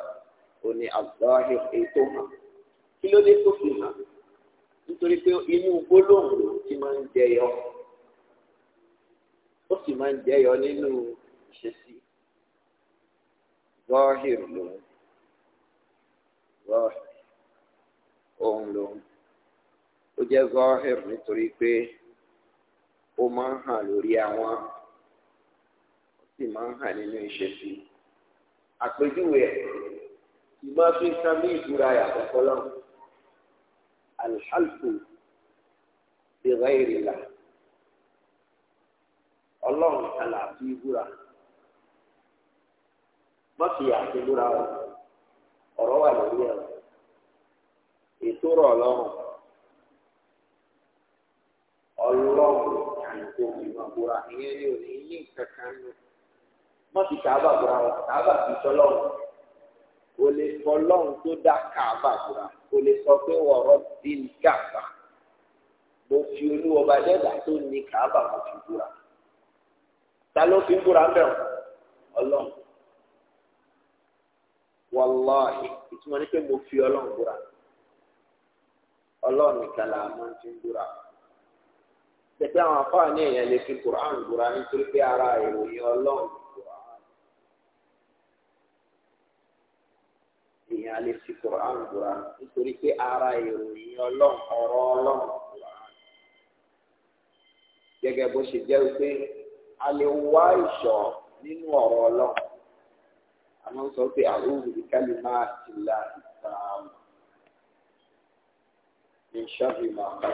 òní azahir ètò hàn kí ló dé tó fi hàn nítorí pé inú gbólóhùn ló ti máa ń jẹyọ ó sì máa ń jẹyọ nínú ìṣesí zọ́hìr lòun zọ́hìr òun lòun ó jẹ́ zọ́hìr nítorí pé ó máa ń hàn lórí àwọn ó sì máa ń hàn nínú ìṣesí àpèjúwe ẹ̀ ìmọ̀ fi ń kan ìbúra yàtọ̀ fọlọ́run alhalku bi ghayrillah ọlọ́run kan là fi mọ́fì àti búra o ọ̀rọ̀ wà lórí ẹ̀ o ètò rọ̀ ọlọ́run ọlọ́run àìkò ìmọ̀ búra ìyẹn ni ò ní yí kankan nù mọ́fì kàábà búra o kàábà fi sọlọ́run o lè sọ lọ́run tó dá kàábà búra o lè sọ pé wọ̀rọ̀ bí kàábà mo fi olúwọba dẹ́gbà tó ní kàábà mo fi búra ta ló fi búra mẹ́wọ̀n ọlọ́run wàláhì ìtumọ̀ ní pé mo fi ọlọ́run búra ọlọ́run nìkan là máa ń fi búra tẹ̀pẹ́ àwọn afáà ní èèyàn lè fi quran búra nítorí pé ara ìròyìn ọlọ́run quran èèyàn lè fi quran búra nítorí pé ara ìròyìn ọlọ́run ọ̀rọ̀ ọlọ́run quran gẹ́gẹ́ bó ṣe jẹ́ pé a lè wá ìṣọ́ nínú ọ̀rọ̀ ọlọ́run àwọn sọ pé àwọn olùdíkàlì máa ti la ìsàmù ní ṣọ́ọ̀bù màmá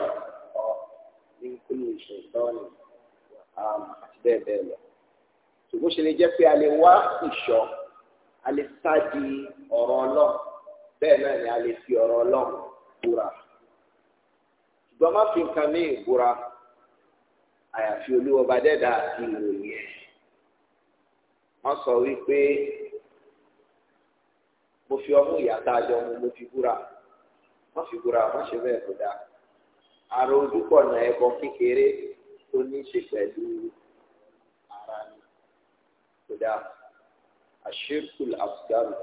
ọ̀ ní kúlù ìṣèǹtọ́nì àti bẹ́ẹ̀ bẹ́ẹ̀ lọ. ṣùgbọ́n ṣe lè jẹ́ pé a lè wá ìṣọ́ a lè sáàdì ọ̀rọ̀ ọlọ́run bẹ́ẹ̀ náà ni a lè fi ọ̀rọ̀ ọlọ́run búra. ṣùgbọ́n má fi nǹkan mí ìbúra àyàfi olúwọba dẹ́dà àti ìròyìn ẹ̀. wọ́n sọ wípé mo fi ọmú ìyàtọ̀ àjọ mu mo fi búra wọ́n fi búra wọ́n ṣe bẹ́ẹ̀ kó dáa àrò ojúkọ̀nà ẹ̀bọ kékeré tó ní ṣe pẹ̀lú ara ni kó dáa àṣírkùl àfgàrù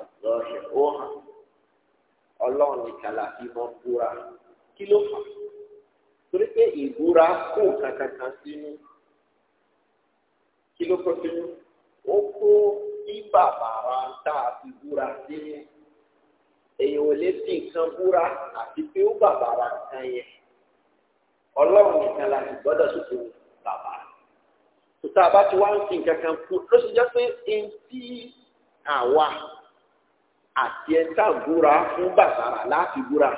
àgbọ̀nṣẹ̀ ó hàn ọlọ́run nìkan la fi mọ́ búra kí ló fà torí pé ìbúra kó kankan kan sínú kí ló kó sínú ó kó ní bàbá wa tá a fi búra nínú èèyàn ò lè fi nǹkan búra àti pé ó bàbá wa nǹkan yẹn ọlọ́run nìkan la ti gbọ́dọ̀ ṣètò bàbá tòtá a bá ti wá ń fi nǹkan kan kú ló ṣe jẹ́ pé etí àwa àti ẹ̀ta búra fún bàbá rà láti búra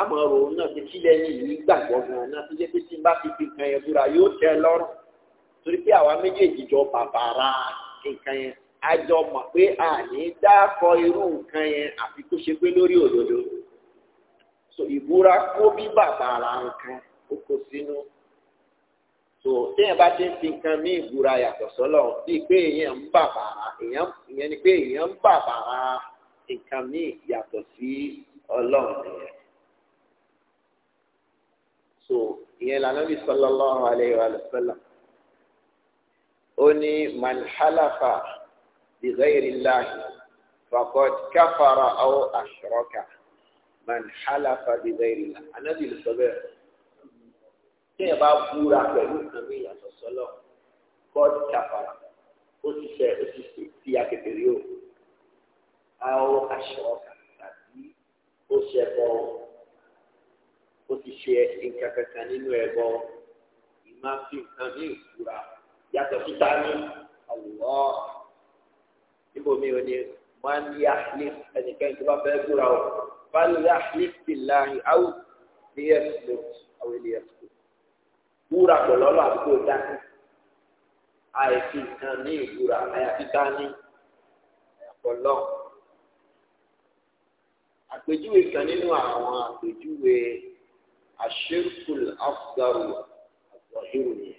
àmọ́ náà ti kílẹ̀ ní ìlú gbàgbọ́ gan náà tó jẹ́ pé tí n bá fi fi nǹkan yẹn búra yóò tẹ́ lọ́rùn torí pé àwa méjèèjì jọ bàbá ra nǹkan yẹn àjọ mọ̀ pé àní dákọ irú nǹkan yẹn àfi kó ṣe pé lórí òdodo so ìbúra kó bí bàbá ara nǹkan ó kó sínú so téèyàn bá ti ń fi nǹkan mí ìbúra yàtọ̀ sọ́lọ̀ bíi pé èèyàn ń bàbá èèyàn ìyẹn ni pé èèyàn ń bàbá nǹkan mí yàtọ̀ sí ọlọ́run nìyẹn so ìyẹn lànà bí sallallahu alayhi wa sallam ó ní man بغير الله فقد كفر أو أشرك من حلف بغير الله أنا دي الصبر كيف أبورا كيف أمي أتصلى قد كفر أتسى أتسى فيها كتيريو أو أشرك تبي أتسى ó ti ṣe nǹkan kankan nínú ẹbọ ìmáfi nǹkan ní ìfura yàtọ̀ síta ní àwòrán níbo mi ò ní man yahlif ẹnìkan tó bá fẹ́ búra o fal yahlif billahi aw liyasmut aw liyasmut búra pẹ̀lú ọlọ́ àdúgbò dání àìfi nǹkan ní ìbúra àyàfi dání ọ̀pọ̀lọ́ àpèjúwe kan nínú àwọn àpèjúwe àṣírkùl afgaru àgbọ̀hìrù yẹn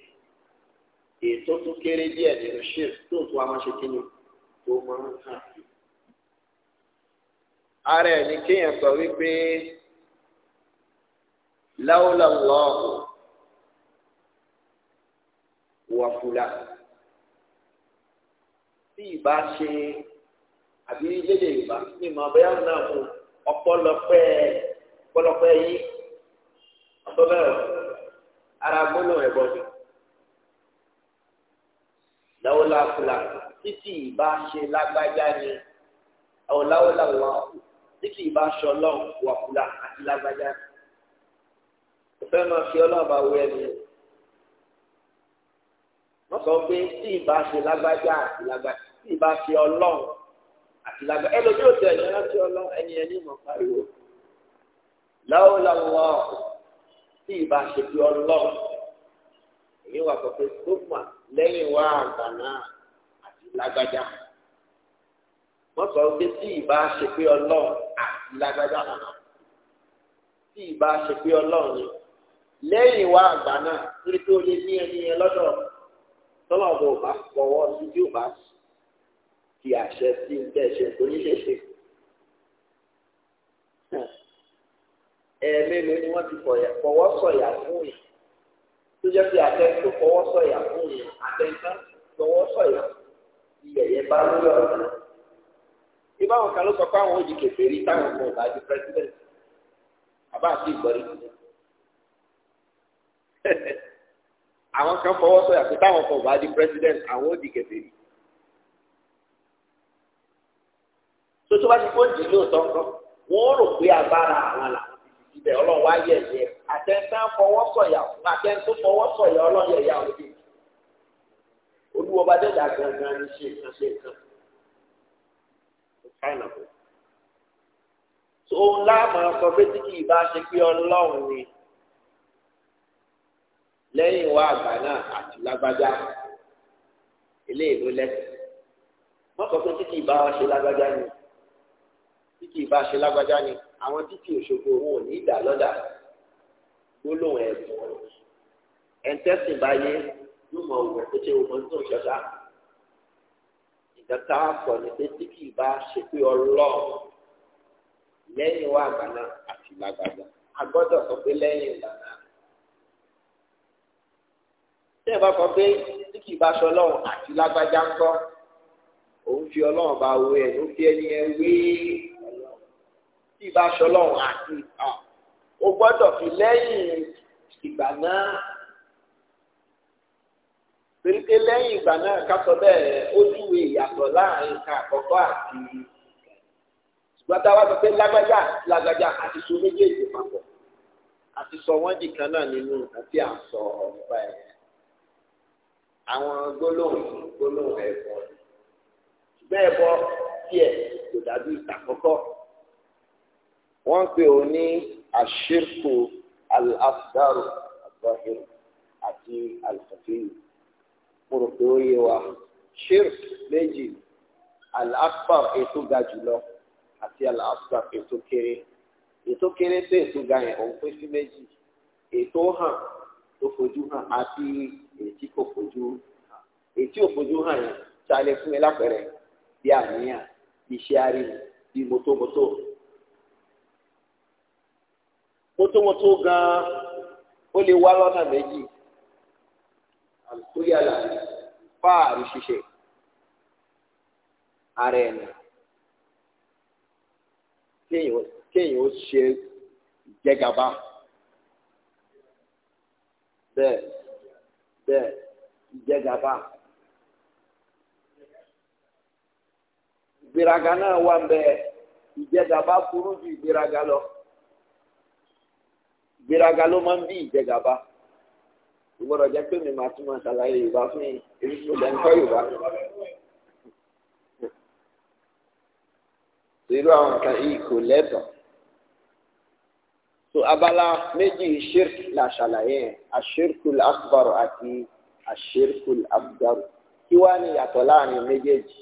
èyí tó kéré díẹ̀ nínú ṣírk tó tún wá máa ṣe kí ni tó máa ń hàn. ara ẹ̀ ní kéèyàn sọ wípé láwùláwùláwù wà fúlà tí ìbá ṣe àbí lédè Yorùbá ní ìmọ̀ abẹ́yà náà fún ọ̀pọ̀lọpẹ́ ọ̀pọ̀lọpẹ́ yìí ọ̀pọ̀lọpẹ́ ara gbọ́dọ̀ ẹ̀bọ̀n láwùláwùláwù tí kì í bá ṣe lágbájá ni ọ̀làwọ̀làwọ̀ tí kì í bá ṣe ọlọ́run wàkúlà àti lágbájá ni. mo fẹ́ máa fi ọlọ́run bá wọ ẹni o. wọ́n sọ pé tí ì bá ṣe lágbájá àti lágbájá tí ì bá ṣe àti lágbájá ẹlòmí ò tẹ̀ ẹ̀yìn rántí ọlọ́run ẹni ẹni mọ̀ pariwo. láwọ̀làwọ̀ tí ì ṣe pé ọlọ́run èyí wà sọ pé tó mà lẹ́yìn wá àgbà náà lágbájá wọ́n sọ pé tí ìbá ṣe pé ọlọ́run àti lágbájá náà tí ìbá ṣe pé ọlọ́run ni lẹ́yìn ìwà àgbà náà torí pé o lè ní ẹni yẹn lọ́dọ̀ tọ́lọ̀ bò bá fọwọ́ sí tí o bá fi àṣẹ sí ní ẹ̀ṣẹ̀ tó ní ṣèṣe. ẹ̀ẹ́mẹ́lẹ́ ni wọ́n ti fọwọ́ sọ̀yà fún yẹn tó jẹ́ pé àtẹ̀tò fọwọ́ sọ̀yà fún yẹn àtẹ̀tò fọwọ́ sọ̀yà fún yẹn. yẹ̀yẹ́ bá lórí ọ̀nà ibà wọn kan ló sọ pé àwọn òjì kèfèrí táwọn kan bá di president àbá àti ìgbọ̀rí àwọn kan fọwọ́ sọ̀yà pé táwọn kan bá di president àwọn bá ti nǹkan wọ́n rò pé agbára àwọn là ọlọ́run fọwọ́ sọ̀yà fọwọ́ sọ̀yà ọlọ́run olú ọba dẹ́dà gangan ní ṣe nǹkan ṣe nǹkan ṣáìnàbọ̀. òun láàmú sọ pé tí kì í bá ṣe pé ọlọ́run ni lẹ́yìn wá àgbà náà àti lágbájá eléyìí ló lẹ́sìn wọ́n sọ pé tí kì í bá wa ṣe lágbájá ni tí bá ṣe lágbájá ni àwọn títí òṣogbo òun ò ní ìdá lọ́dà gbólóhùn ẹ̀sùn ẹ̀ńtẹ́sìn báyé yóò mọ òwò tó ṣe òwò tó ń ṣọṣà ìdọ́ta pọ̀ ní pé tí kì í bá ṣe pé ọlọ́ọ̀ lẹ́yìn wa àgbàna àti làgbàgbà a gbọ́dọ̀ sọ pé lẹ́yìn ìgbàna tí ẹ bá sọ pé tí kì í bá ṣọ lọ́wọ́ àti lágbájá ń kọ́ òun fi ọlọ́run bá wo ẹ̀ ló fi ẹni ẹ wé tí ì bá ṣọ lọ́wọ́ àti ó gbọ́dọ̀ fi lẹ́yìn ìgbàna torí pé lẹ́yìn ìgbà náà kásọ bẹ́ẹ̀ ó júwe ìyàtọ̀ láàrin nǹkan àkọ́kọ́ àti ṣùgbọ́n táwa sọ pé lágbájá lágbájá àti so méjèèjì papọ̀ àti sọ wọ́n di kan náà nínú nǹkan tí à ẹ̀ àwọn gbólóhùn gbólóhùn ẹ̀bọ ṣùgbọ́n ẹ̀bọ tiẹ̀ kò dàbí ìtàkọ́kọ́ wọ́n ń pè ní àṣírkù al-asdaru àgbọ̀hìn àti al mo rò pé ó yé wa shirk méjì al-akbar ètò ga jùlọ àti al-asghar ètò kéré ètò kéré tó ètò ga yẹn òun pín sí méjì ètò hàn tó fojú hàn àti ètí kò fojú hàn ètí ò fojú hàn yẹn ṣáálẹ̀ fún mi lápẹẹrẹ bí àníyàn iṣẹ́ àárín bí mọ́tòmọ́tò mọ́tòmọ́tò gan-an ó lè wá lọ́nà méjì àlùkòyàlà fáàrí ṣiṣẹ́ ara ẹni kéèyàn ó ṣe ìjẹgàba bẹ́ẹ̀ bẹ́ẹ̀ ìjẹgàba ìgbéraga náà wà bẹ́ẹ̀ ìjẹgàba burú ju ìgbéraga lọ ìgbéraga ló máa ń bí ìjẹgàba ìgbọ́dọ̀ jẹ́ pé mi máa tún máa ṣàlàyé yorùbá fún yìí èyí tó dẹ̀ ń yorùbá. irú àwọn nǹkan yìí kò lẹ́tọ̀ọ́. so abala méjì shirk la ṣàlàyé yẹn ashirkul akbar àti ashirkul abdar kí wá ní yàtọ̀ láàrin méjèèjì.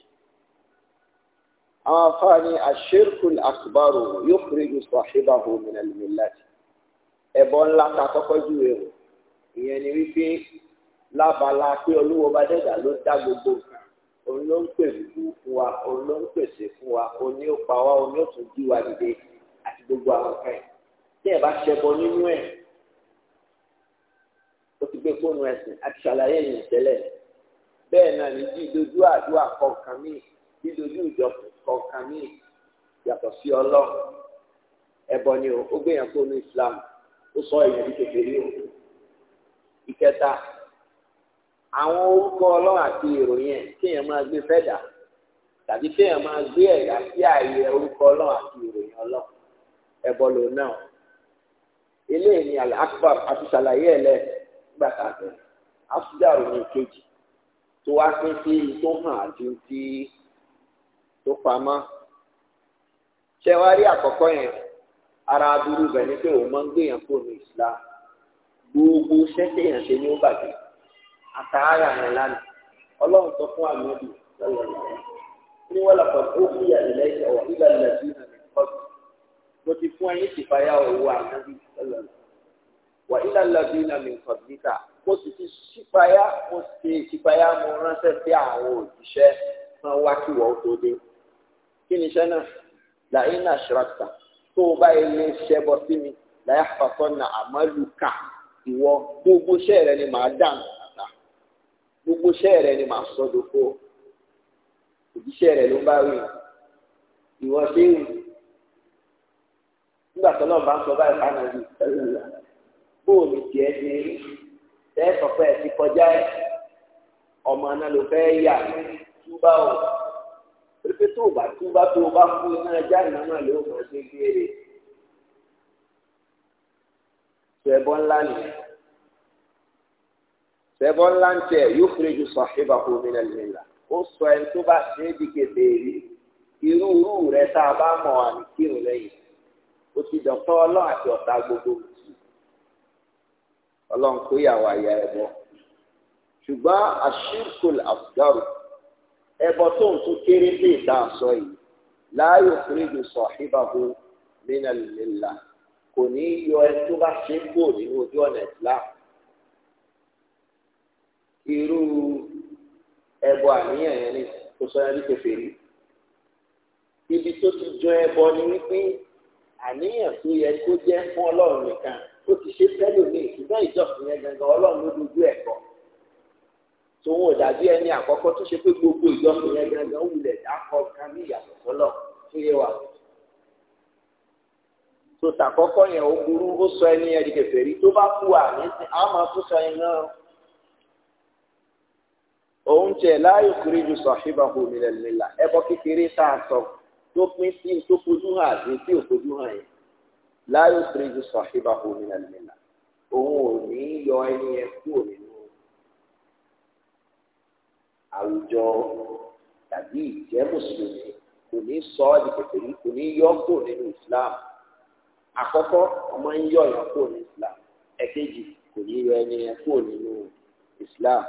àwọn afáàní ashirkul akbar yukhriju sahibahu min al-millati. ẹ̀bọ ńlá ta kọ́kọ́ júwe wò ìyẹn ni wípé lábala pé olúwo bá dẹ́gbà ló dá gbogbo nǹkan òun ló ń pèsè fún wa òun ló ń pèsè fún wa òun ni ó pa wá òun ni ó tún jí wa dìde àti gbogbo àwọn nǹkan ẹ̀ tí ẹ̀ bá ṣẹbọ nínú ẹ̀ ó ti gbé fóònù ẹ̀sìn àti ṣàlàyé yìí tẹ́lẹ̀ bẹ́ẹ̀ náà ní dídójú àdúrà kọ̀ọ̀kan míì dídójú ìjọpọ̀ kọ̀ọ̀kan míì yàtọ̀ sí ọlọ́run ẹ̀bọ ni ó gbé yẹn fóònù Islam ó sọ èèyàn bí kékeré o. ìkẹta àwọn orúkọ ọlọ́run àti ìròyìn ẹ̀ kéèyàn máa gbé fẹ́dà tàbí kéèyàn máa gbé ẹ̀dá sí ààyè orúkọ ọlọ́run àti ìròyìn ọlọ́run ẹ̀bọ lò náà eléyìí ni akbar àti ṣàlàyé ẹ̀ lẹ̀ nígbà tá a bẹ̀rẹ̀ afudar ní kejì tó wá pín sí tó hàn àti ti tó pamọ́ ṣẹ́wárí àkọ́kọ́ ara aburú bẹ̀ ni pé òun máa ń gbéyàn ní gbogbo sẹ́tẹ̀ yẹn ṣe ni ó bàjẹ́ àtàrà yẹn lánàá ọlọ́run sọ fún àmọ́bì lọ́wọ́ ní wọ́n lọ́kọ̀ tó kú yàrá lẹ́yìn ọ̀wọ́ nígbà nígbà tí yìí nàní kọ́tù mo ti fún ẹyin ti fàyà owó àmọ́bì lọ́wọ́ wà nígbà nígbà tí yìí nàní kọ́tù níta mo sì ti ṣípayá mo sì ti ṣípayá mo ránṣẹ́ sí àwọn òjíṣẹ́ kan wá kí wọ́n tó dé kí ni iṣẹ́ náà làyín náà ṣ tó o bá ilé ṣẹbọ sí mi láyà fàtọ́ nà àmọ́lùkà ìwọ gbogbo iṣẹ́ rẹ ni màá dà nàdà gbogbo iṣẹ́ rẹ ni màá sọdọ fọ òjíṣẹ́ rẹ ló bá wí ìwọ ṣé wù nígbà tó náà bá ń sọ báyìí bá nàbí ìtẹlẹlẹ bóòlù tiẹ̀ ṣe rí ẹ sọ pé ti kọjá ẹ ọmọ náà ló fẹ́ yà túbà o pépé tó o bá túbà tó o bá fún iná ẹja ìnáná ló mọ̀ ṣe gbére sẹbọ ńlá ni sẹbọ ńlá ń tẹ yóò fèrè ju sọ àṣìbà kó mi lẹnu ìlà ó sọ ẹni tó bá ṣe é di kèfèrí irú irú rẹ tá a bá mọ àmì kírun lẹ́yìn ó ti dọkọ Ọlọ́run àti ọ̀tá gbogbo mùtù Ọlọ́run kó yàwó àyà ẹ bọ ṣùgbọ́n àṣírkùl àfùdárò ẹbọ tó ń tún kéré lè dá a yìí láàyò fèrè ju sọ kó mi lẹnu ìlà kò ní í yọ ẹni tó bá ṣe ń kúrò nínú ojú ọ̀nà islam irú ẹbọ àníyàn yẹn ni kò sọ yẹn bí kèfèrí ibi tó ti jọ ẹbọ ni wípé àníyàn tó yẹ kó jẹ́ fún ọlọ́run nìkan ó ti ṣe fẹ́lòmíì ṣùgbọ́n ìjọsìn yẹn gangan ọlọ́run ló dojú ẹ̀ kọ́ tòun ò dàbí ẹni àkọ́kọ́ tó ṣe pé gbogbo ìjọsìn yẹn gangan ó wulẹ̀ kan ní ìyàtọ̀ fọlọ́ fún tó sàkọ́kọ́ yẹn ó burú ó sọ ẹni ẹni kèfèrí tó bá kú àmì sí àmọ́ tó sọ yẹn náà òun tiẹ̀ láàyò kiri ju sọ̀híbàhù mílẹ̀mílà ẹbọ kékeré tá a sọ tó pín sí tó fojú hàn àti tí ò fojú hàn yẹn láàyò kiri ju sọ̀híbàhù mílẹ̀mílà òun ò ní yọ ẹni yẹn kúrò nínú àwùjọ tàbí ìjẹ́ mùsùlùmí kò ní sọ ọ́ di kèfèrí kò ní yọ kúrò nínú ìsìláàmù àkọ́kọ́ ọmọ ń yọ ìyá kúrò ní islam ẹ̀kejì kò ní yọ ẹni yẹn kúrò nínú islam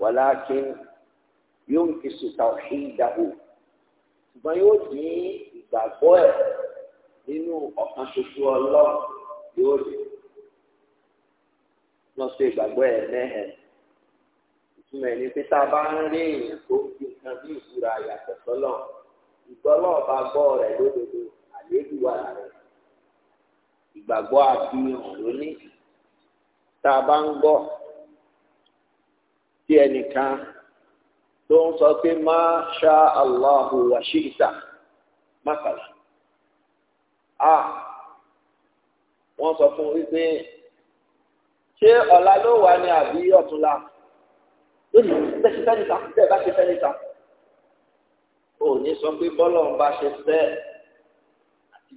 wàlákin yóò ń kisu tawhidahu ṣùgbọ́n yóò dín ìgbàgbọ́ ẹ̀ nínú ọ̀kan ṣoṣo ọlọ́run yóò rí lọ ìgbàgbọ́ ẹ̀ mẹ́hẹ̀ ìtumọ̀ ẹni pé tá a bá ń rí èèyàn tó ń fi nǹkan bí ìbúra yàtọ̀ sọ́lọ̀ ìgbọ́lọ́ọ̀bá gbọ́ rẹ̀ lódodo àléébù wà rẹ̀ ìgbàgbọ́ àfihàn lónìí tá a bá ń gbọ́ tí ẹnìkan tó ń sọ pé má ṣá Allahu wa shi'ta mákàlá a wọ́n sọ fún wípé ṣé ọ̀la ló wà ní àbí ọ̀túnla lónìí bẹ́ẹ̀ ṣe fẹ́ bá ṣe fẹ́ ò ní sọ pé bọ́lọ̀ ń bá ṣe fẹ́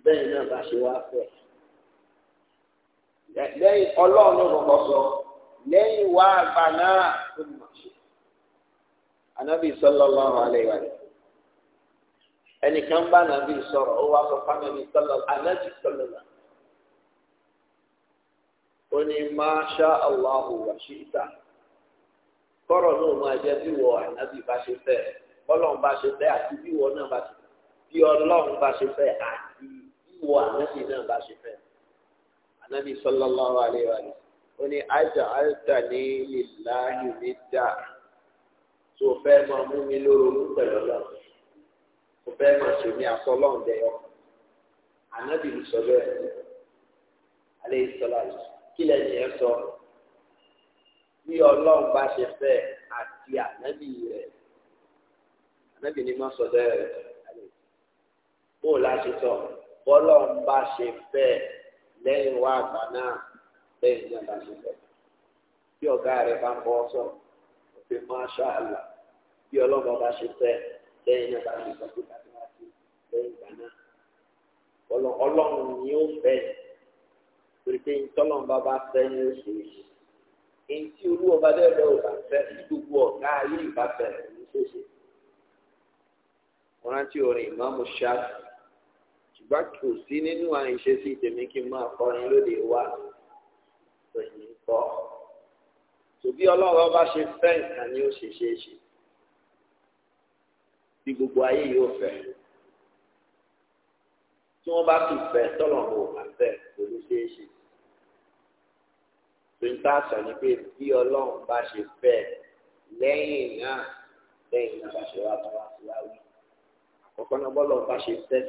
bẹ́ẹ̀ náà bá ṣe wá fẹ́. lẹ́yìn ọlọ́run ló kọ́kọ́ sọ lẹ́yìn wá àgbà náà ó ní màá ṣe. anábì sallallahu alaihi wa sallam ẹnìkan bá nàbì sọ̀rọ̀ ó wá sọ fánàbì sallallahu anábì sallallahu ó ní máa ṣá Allahu wa shi'ta kọ́rọ̀ náà máa jẹ́ bí wọ ànábì bá ṣe fẹ́ bọ́lọ́run bá ṣe fẹ́ àti bí wọ náà bá ṣe fẹ́ bí ọlọ́run bá ṣe fẹ́ àti wọ ànábì náà bá ṣe fẹ́ ànábì sallallahu alaihi wa sallam ó ní àjà àjà ní lillahi nídà tó fẹ́ máa mú mi lórogún pẹ̀lú ọlọ́run tó fẹ́ máa ṣe mí àtọ́lọ́run dẹ̀yọ ànábì ló sọ bẹ́ẹ̀ alaihi salatu kí lẹ́yìn ẹ sọ bí ọlọ́run bá ṣe fẹ́ àti ànábì rẹ̀ ànábì ni má sọ bẹ́ẹ̀ rẹ̀ bó o láṣẹ sọ bọ́lọ̀ ń bá ṣe fẹ́ lẹ́yìn wá àgbà náà lẹ́yìn náà bá ṣe fẹ́. bí ọ̀gá rẹ̀ bá ń bọ́ sọ òfin masha Allah bí ọlọ́mọ bá ṣe fẹ́ lẹ́yìn náà bá ṣe fẹ́ kó dàbí wá sí lẹ́yìn ìgbà náà. ọlọ́run ni ó fẹ́ torí pé ìtọ́lọ́n bá bá fẹ́ ní oṣù yìí. èyí tí olú ọba dẹ́rẹ́ ò bá fẹ́ tí gbogbo ọ̀gá ayé ìbá ní ṣèṣe. wọ́n rántí orin ìmáàmù ṣùgbọ́n kò sí nínú àìṣe sí tèmi kí n máa kọrin lóde wa lóyìn kọ́ tòbí ọlọ́run bá ṣe fẹ́ nǹkan ni ó ṣe ṣe é ṣe bí gbogbo ayé yóò fẹ́ tí wọ́n bá fi fẹ́ tọ́lọ̀ bò wá fẹ́ kò ní ṣe é ṣe tòǹtà sọ ni pé bí ọlọ́run bá ṣe fẹ́ lẹ́yìn náà lẹ́yìn náà bá ṣe wá bá wá sí àkọ́kọ́ náà bọ́lọ̀ bá ṣe fẹ́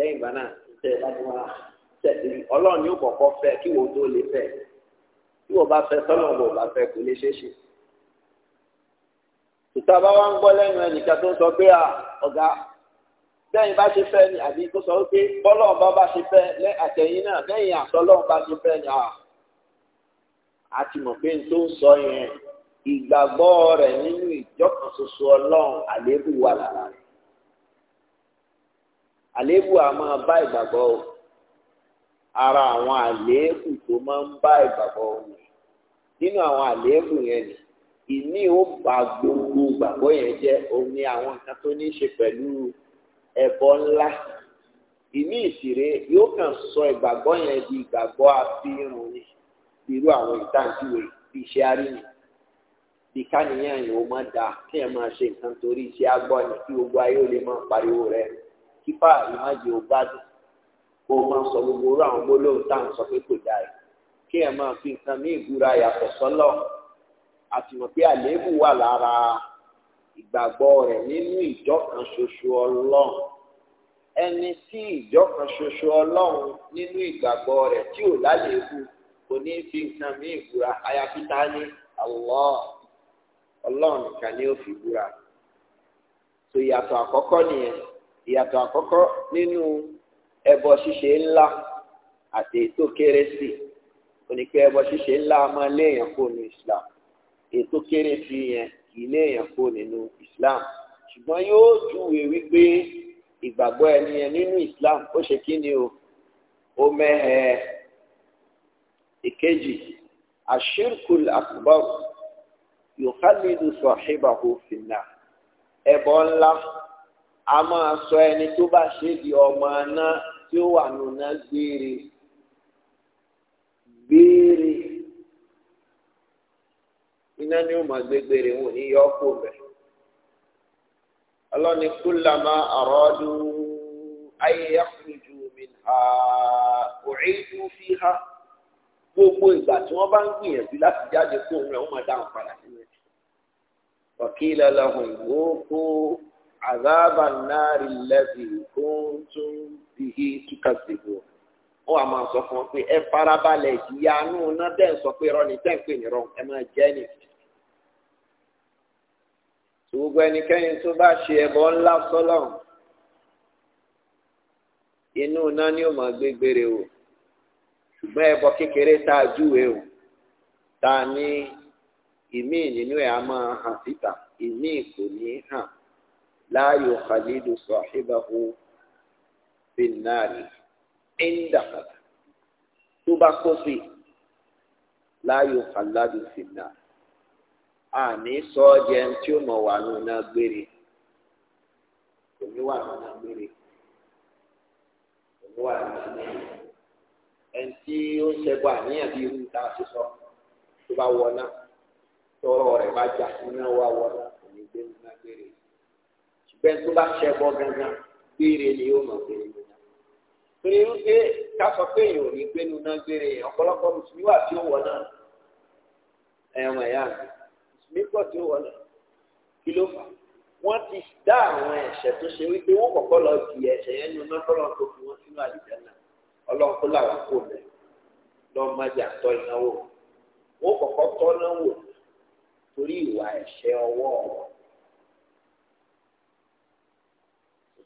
lẹ́yìn ìgbà náà tẹ láti wá tẹ̀lé ọlọ́run yóò kọ́kọ́ fẹ́ kí wo tó lè fẹ́ tí wọ́n bá fẹ́ tọ́lọ̀ wọ́n bá fẹ́ kò lè ṣeé ṣe. ìta bá wá ń gbọ́ lẹ́nu ẹnìkan tó ń sọ pé ọ̀gá bẹ́yìn bá ṣe fẹ́ ni àbí kó sọ pé bọ́lọ́run bá bá ṣe fẹ́ lẹ́ àtẹ̀yìn náà bẹ́yìn àtọ́lọ́run bá ṣe fẹ́ ni a ti mọ̀ pé n tó ń sọ yẹn ìgbàgbọ́ rẹ̀ nínú ìjọkànṣoṣo ọlọ́run àléébù wà lára rẹ̀ àléébù a máa bá ìgbàgbọ́ o ara àwọn àléébù tó máa ń bá ìgbàgbọ́ o nínú àwọn àléébù yẹn ni ìní ó ba gbogbo ìgbàgbọ́ yẹn jẹ́ òun ni àwọn nǹkan tó ní í ṣe pẹ̀lú ẹbọ ńlá ìní ìṣeré yóò kàn sọ ìgbàgbọ́ yẹn di ìgbàgbọ́ àfihàn ni irú àwọn ìtàǹtìwé bíi iṣẹ́ àríyìn bí káníyàn yìí ó máa da kí ẹ máa ṣe nǹkan torí iṣẹ́ agbọ́ni kí gbogbo ayé ó lè máa pariwo rẹ̀ kífà ìmájì ò kó o máa sọ gbogbo orú àwọn gbólóhùn tá à ń sọ pé kò dáa yìí kí ẹ máa fi nǹkan ní ìbúra yàtọ̀ sọ́lọ̀ àti mọ̀ pé àléébù wà lára ìgbàgbọ́ rẹ̀ nínú ìjọ kan ṣoṣo ọlọ́run ẹni tí ìjọ kan ṣoṣo ọlọ́run nínú ìgbàgbọ́ rẹ̀ tí ò láléébù kò ní fi nǹkan ní ìbúra àyàfi ta ni Allah ọlọ́run nìkan ni ó fi búra tó yàtọ̀ àkọ́kọ́ nìyẹn ìyàtọ̀ àkọ́kọ́ nínú ẹbọ ṣíṣe ńlá àti ètò kéré sí òní pé ẹbọ ṣíṣe ńlá máa léèyàn kó nínú Islam ètò kéré sí yẹn kì í léèyàn kó nínú Islam ṣùgbọ́n yóò júwe wípé ìgbàgbọ́ ẹni yẹn nínú Islam ó ṣe kí ni o ó mẹ́hẹ ìkejì ashirkul akbar yukhalidu sahibahu finna ẹbọ ńlá a máa sọ ẹni tó bá ṣe di ọmọ aná tí ó wà nùnà gbére gbére iná ni ó máa gbé gbére wọn ní yọ kó bẹ ọlọ́ni kúlámà àrọ́dù ayé yàkùnjú mi ha òrìṣù fi ha gbogbo ìgbà tí wọ́n bá ń gbìyànjú láti jáde kó òun rẹ̀ wọ́n máa dáhùn padà sílẹ̀ wàkílẹ̀ lọ́hùn ìwó kó àzáàbà nari lẹ́bi kóńtún bìí túkàsìbò ó wà máa sọ fún ọ pé ẹ farabalẹ̀ ìyá inú iná dẹ́ ń sọ pé rọ́ọ̀nì tẹ́ ń pè ní rọ́ọ̀ ẹ máa jẹ́ ni. gbogbo ẹnikẹ́ni tó bá ṣe ẹbọ ńlá sọ́lọ̀ inú iná ni ó máa gbé gbére o ṣùgbọ́n ẹbọ kékeré tá a júwe o tá a ní ìmíì nínú ẹ̀ á máa hàn síta ìmíì kò ní hàn. لا يخلد صاحبه في النار إن دخل تبقصي لا يخلد في النار àní sọ ọ jẹ ń tí ó mọ wà nínú gbére òní wà nínú gbére òní wà nínú gbére ẹni tí ó ń ṣẹgbọ àníyàn bíi irú ta ṣe tó bá wọ náà tọrọ rẹ bá jà nínú wa wọ náà òní gbére bẹ́ẹ̀ tó bá ṣẹ bọ́ gangan gbére ni yóò mọ̀ pé torí wípé ká sọ pé èèyàn ò ní gbé nu náà gbére yẹn ọ̀pọ̀lọpọ̀ mùsùlùmí wà tí ó wọ̀ náà ẹ̀wọ̀n ẹ̀yà mùsùlùmí pọ̀ tí ó wọ̀ náà kí ló fà wọ́n ti dá àwọn ẹ̀ṣẹ̀ tó ṣe wípé wọ́n kọ́kọ́ lọ di ẹ̀ṣẹ̀ yẹn nu náà kọ́lọ́ tó fi wọ́n sínú àlìjẹ́ náà ọlọ́kú làwọn kò mẹ́ lọ́mọdé àtọ́ ìnáwó wọ́n kọ́kọ́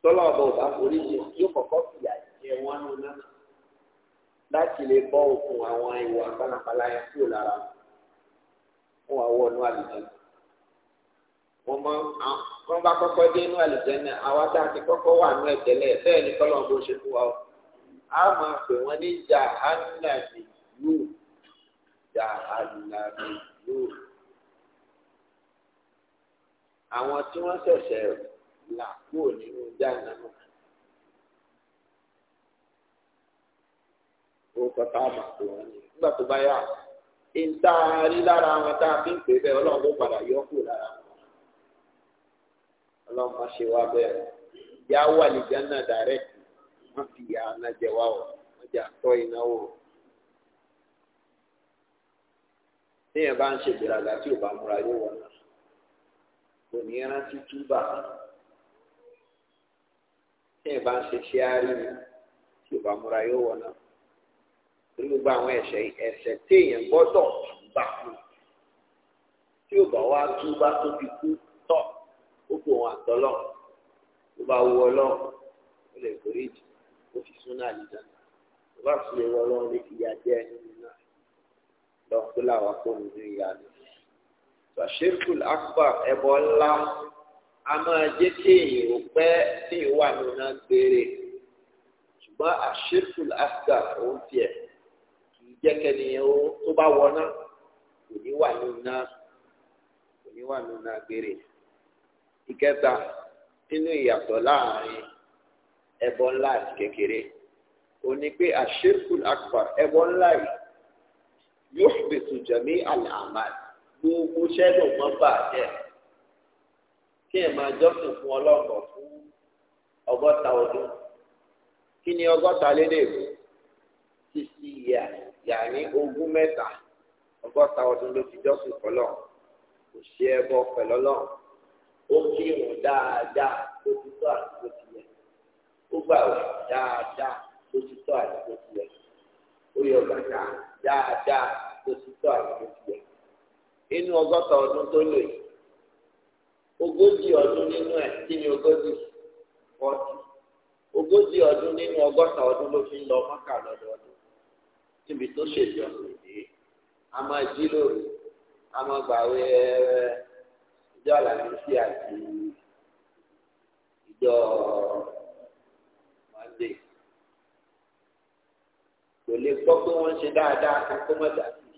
tọ́lọ́ ọba ọba forí jẹ yóò kọ́kọ́ fìyà jẹ wọn nù náà láti lè bọ́ òkun àwọn ìwà pálapàla yẹn kúrò lára wọn wà wọ inú àlùjẹ wọn mọ wọn bá kọ́kọ́ dé inú àlùjẹ náà àwa tá a ti kọ́kọ́ wà nú ẹ̀tẹ́lẹ̀ bẹ́ẹ̀ ni tọ́lọ́ ọba ṣe fún wa o a máa pè wọ́n ní jahannami yóò jahannami yóò àwọn tí wọ́n ṣẹ̀ṣẹ̀ rẹ̀. la kúrò nínú jáàmù. orúkọ tá a máa pè wọ́n ní nígbà tó bá yà ìta rí lára wọn tá a fi ń pè bẹ́ẹ̀ ọlọ́run padà yọ kúrò lára wọn ọlọ́run ṣe wá bẹ́ẹ̀ wà ní direct wọ́n fi yà á wá o wọ́n jà ìnáwó téèyàn bá ń tí tí ẹ bá ń ṣe ṣe á rí ni tí ò bá múra yóò wọ̀ náà torí gbogbo àwọn ẹ̀ṣẹ̀ ẹ̀ṣẹ̀ téèyàn gbọ́dọ̀ túbà fún tí ò bá wá túbà tó kú tọ̀ ó kò wọn àtọ́lọ̀ tó bá wù ọlọ́run ó lè kórè jù ó fi sún náà lè dáná tó bá sì lè wọ ọlọ́run lè fi yá jẹ́ nínú náà lọ́ọ́ làwọn kó nínú ìyá ni. Bàṣẹ́kùl Akbar ẹ̀bọ ńlá a máa jẹ́ kéèyàn ò pẹ́ kéèyàn wà nínú gbére ṣùgbọ́n àṣírkù asgà òun tiẹ̀ kì í jẹ́ kẹ́niyàn ó tó bá wọná kò ní wà nínú kò ní wà nínú gbére. ìkẹta nínú ìyàtọ̀ láàrin ẹbọ ńlá àti kékeré ó ní pé àṣírkù akbar ẹbọ ńlá yìí yóò fi tùjọ ní àlàmà gbogbo ṣẹ́gun mọ́ bàjẹ́ kí ẹ máa jọ́sìn fún ọlọ́pàá fún ọgọ́ta ọdún kí ni ọgọ́ta lédè rẹ̀ sixty years yàní ogún mẹ́ta ọgọ́ta ọdún ló fi jọ́sìn fọlọ́ kò ṣe ẹbọ pẹ̀lọ́lọ́ ó kí wọn dáadáa tó ti tó àti tó ti yẹ ó gbà wẹ̀ dáadáa tó ti tó àti tó ti yẹ ó yọ bàtà dáadáa tó ti tó àti tó ti yẹ inú ọgọ́ta ọdún tó lò yìí ogójì ọdún nínú ẹ̀ kí ni ogójì fọ́ọ̀tì ogójì ọdún nínú ọgọ́ta ọdún ló fi ń lọ mọ́kà lọ́dọọdún níbi tó ṣèjọ òde a máa jí lóru a máa gbàwé ẹrẹ ìjọ àlàmísì àti ìjọ mọ́ndé kò lè gbọ́ pé wọ́n ń ṣe dáadáa kó mọ̀ dàbí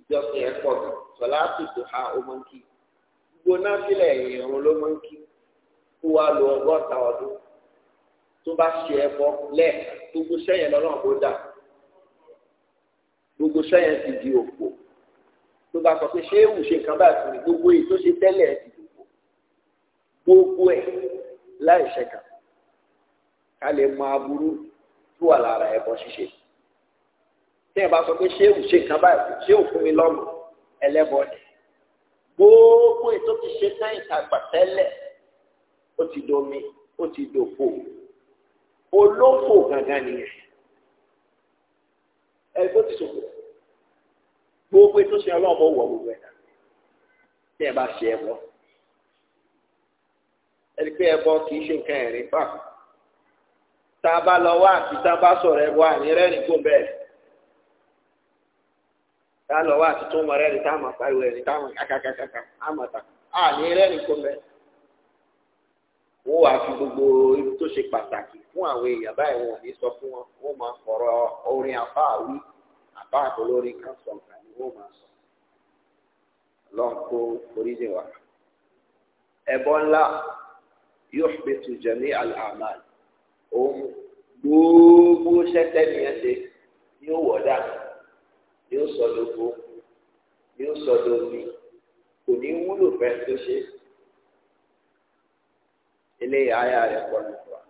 ìjọ fi ẹ̀ pọ̀ sọ̀lá àtúntò ha ó mọ̀ kí i gbogbo náfìlà ẹ̀yìn ìrún ló máa ń kí kó wa lo ọgọ́ta ọdún tó bá ṣe ẹbọ lẹ́ẹ̀ka gbogbo sẹ́yìn lọ́nà kó dà gbogbo sẹ́yìn ti di òpó tó bá sọ pé ṣé èwù ṣe nǹkan báyìí fún mi gbogbo èyí tó ṣe tẹ́lẹ̀ ti di òpó gbogbo ẹ̀ láì ṣẹ̀kà ká lè mọ aburú tó wà lára ẹbọ ṣíṣe tí ẹ bá sọ pé ṣé èwù ṣe nǹkan báyìí ṣé òfin mi lọ́nà ẹlẹ́bọ gbogbo ètò ti ṣe sẹ́yìn tàgbàtẹ́lẹ̀ ó ti domi ó ti dòfò olófò gangan nìyẹn ẹgbẹ́ ti sòfò gbogbo ètò ṣe ọlọ́mọ wọ gbogbo ẹ̀dá tí ẹ bá ṣe ẹbọ ẹni pé ẹbọ kì í ṣe nǹkan ẹ̀rín pa tá a bá lọ wá àti tá a bá sọ̀rọ̀ ẹbọ àní rẹ́rìn-ín kò bẹ́ẹ̀ tá lọ wá àtúntò mọ rẹ ní táwọn pariwo rẹ ní táwọn kàkàkàkà àmọta a ní rẹrìn kó mẹ wọn wàá fi gbogbo ibi tó ṣe pàtàkì fún àwọn èèyàn báyìí wọn ò ní sọ fún wọn wọn máa fọ̀rọ̀ orin àbá àwí àbá àtolórí kan sọ nǹkan ni wọn máa sọ lọ́n kó oríṣi wa ẹ̀bọ ńlá yóò fi tu jẹ̀mí àlàmà òun gbogbo ṣẹ́tẹ́ nìyẹn ṣe ni ó wọ̀ dáa yóò sọ lóko yóò sọ lóbi kò ní wúlò fẹ́ tó ṣe eléyà ayà rẹ̀ pọ̀ lóko wa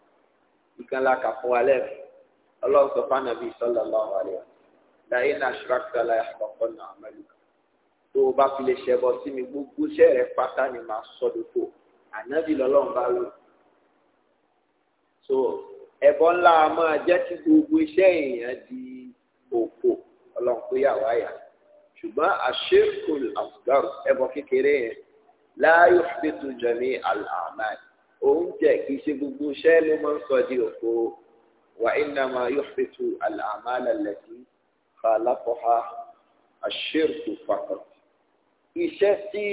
ìkànnì àkàfọ́ alẹ́ ọlọ́run sọ fún anabi sọlọ lọ́wọ́ rẹ̀ láyé náà ṣùgbọ́n láyé àkọ́kọ́ náà mẹ́lùkà tó o bá fi lè ṣẹbọ sí mi gbogbo iṣẹ́ rẹ̀ pátá ni màá sọ lóko ànábì lọ́lọ́run bá lò so ẹbọ ńlá máa jẹ́ kí gbogbo iṣẹ́ èèyàn di òpó ọlọ́run kó yà wá yà ṣùgbọ́n àṣekùn asgar ẹbọ kékeré yẹn láàyò fìtú jẹmí àlàmà oúnjẹ kì í ṣe gbogbo iṣẹ́ ló máa ń sọ di òfo wà ìnàmà yóò fìtú àlàmà lẹlẹsí fàlàkọha àṣekùn pàtó iṣẹ́ tí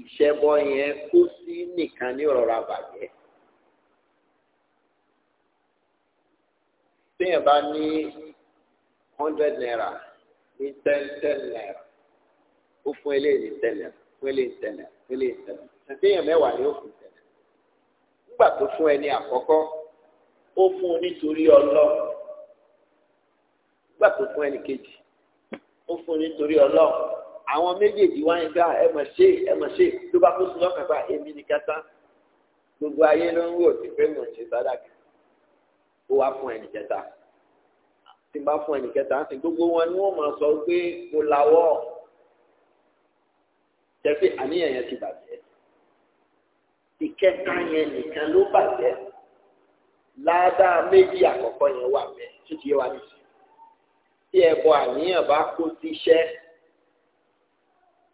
ìṣẹbọ yẹn kó sí nìkan ní ọ̀rọ̀ àbàjẹ́. téèyàn bá ní hundred naira ní ten ten naira ó fún eléyìí ní ten naira fún eléyìí ten naira fún eléyìí ten naira ṣèṣeyàn mẹ́wàá ni ó fún ten naira nígbà tó fún ẹni àkọ́kọ́ ó fún nítorí ọlọ́ nígbà tó fún ẹni kejì ó fún nítorí ọlọ́ àwọn méjèèjì wáyé gbá ẹ mọ̀ ṣe ẹ mọ̀ ṣe ló bá kó sí lọ́kàn gbá èmi ní kátá gbogbo ayé ló ń wò sí pé mò ń ṣe sádàkì ó wá fún ẹni kẹta tí n bá fún ẹnìkẹta ń sìn gbogbo wọn ni wọn máa sọ pé mo lawọ́ jẹ́ pé àníyàn yẹn ti bàjẹ́ ìkẹta yẹn nìkan ló bàjẹ́ ládàá méjì àkọ́kọ́ yẹn wà bẹ́ẹ̀ tó ti yẹ wá ní sí tí ẹbọ àníyàn bá kó sí iṣẹ́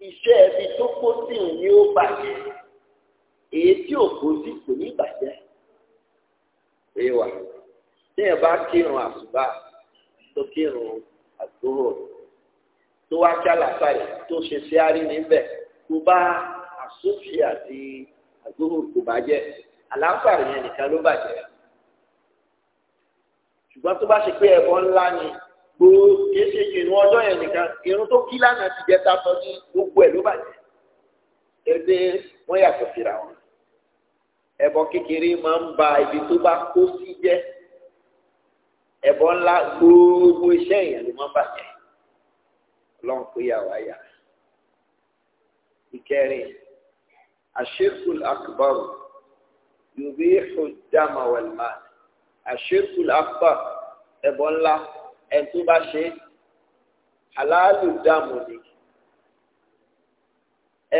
iṣẹ́ ẹbí tó kó sí òun ó bàjẹ́ èyí tí ò kó sí kò ní bàjẹ́ èyí wà tí ẹ bá kírun àsùbá tó kírun àdúrò tó wá kí àlàfàì tó ṣe sí àárí níbẹ̀ kó bá àsúnfì àti àdúrò kò bá jẹ́ àlàfàì yẹn nìkan ló bàjẹ́ ṣùgbọ́n tó bá ṣe pé ẹ̀bọ ńlá ni gbogbo kìí ṣe ìrún ọjọ́ yẹn nìkan ìrún tó kí lánàá ti jẹ́ tatọ́ ní gbogbo ẹ̀ ló bàjẹ́ ẹgbẹ́ wọ́n yàtọ̀ síra wọn ẹ̀bọ kékeré máa ń ba ibi tó bá kó sí jẹ́ ẹbọ ńlá gbogbo iṣẹ́ èèyàn ló máa bàjẹ́ Ọlọ́run kó yà wá yà ìkẹrin àṣírkùl akbar yorùbá ìfọdàmà wẹlmà àṣírkùl akbar ẹbọ ńlá ẹni tó bá ṣe aláàlú dààmú ni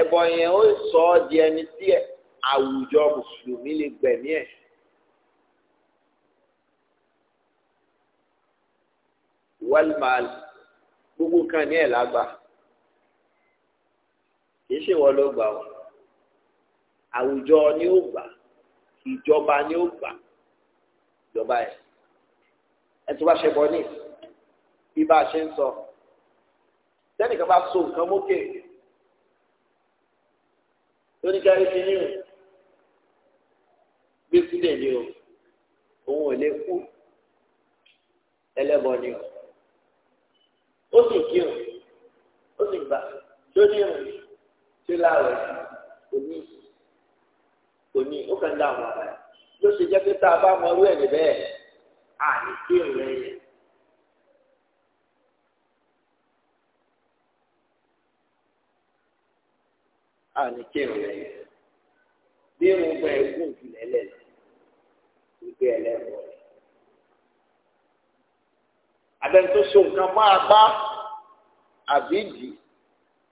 ẹbọ yẹn ó sọ ọ di ẹni tí àwùjọ mùsùlùmí lè gbẹ̀mí ẹ̀. wàlmàl gbogbo nǹkan ní ẹ̀ lágbà kì í ṣe wọ́n ló gbà wọ́n àwùjọ ni ó gbà ìjọba ni ó gbà ìjọba ẹ̀ ẹ tó bá ṣe bọ́ ní bí bá a ṣe ń sọ tẹ́nìkan bá so nǹkan mókè lóníkẹ́rì ti ní o gbé sílẹ̀ ni o òun ò lè kú ẹlẹ́bọ ni o. ó sì kírun ó sì gbà lórí ìrìn tí láàrẹ̀ kò ní kò ní ó kàn dá àwọn ọ̀rẹ́ ló ṣe jẹ́ pé tá a bá mọ irú ẹ̀ níbẹ̀ à kírun lẹ́yìn. àní kírun lẹ́yìn bí irun gbọ́ ẹ̀gún jù lẹ́lẹ̀ lọ abẹ́ni tó so nǹkan máa bá àbí dì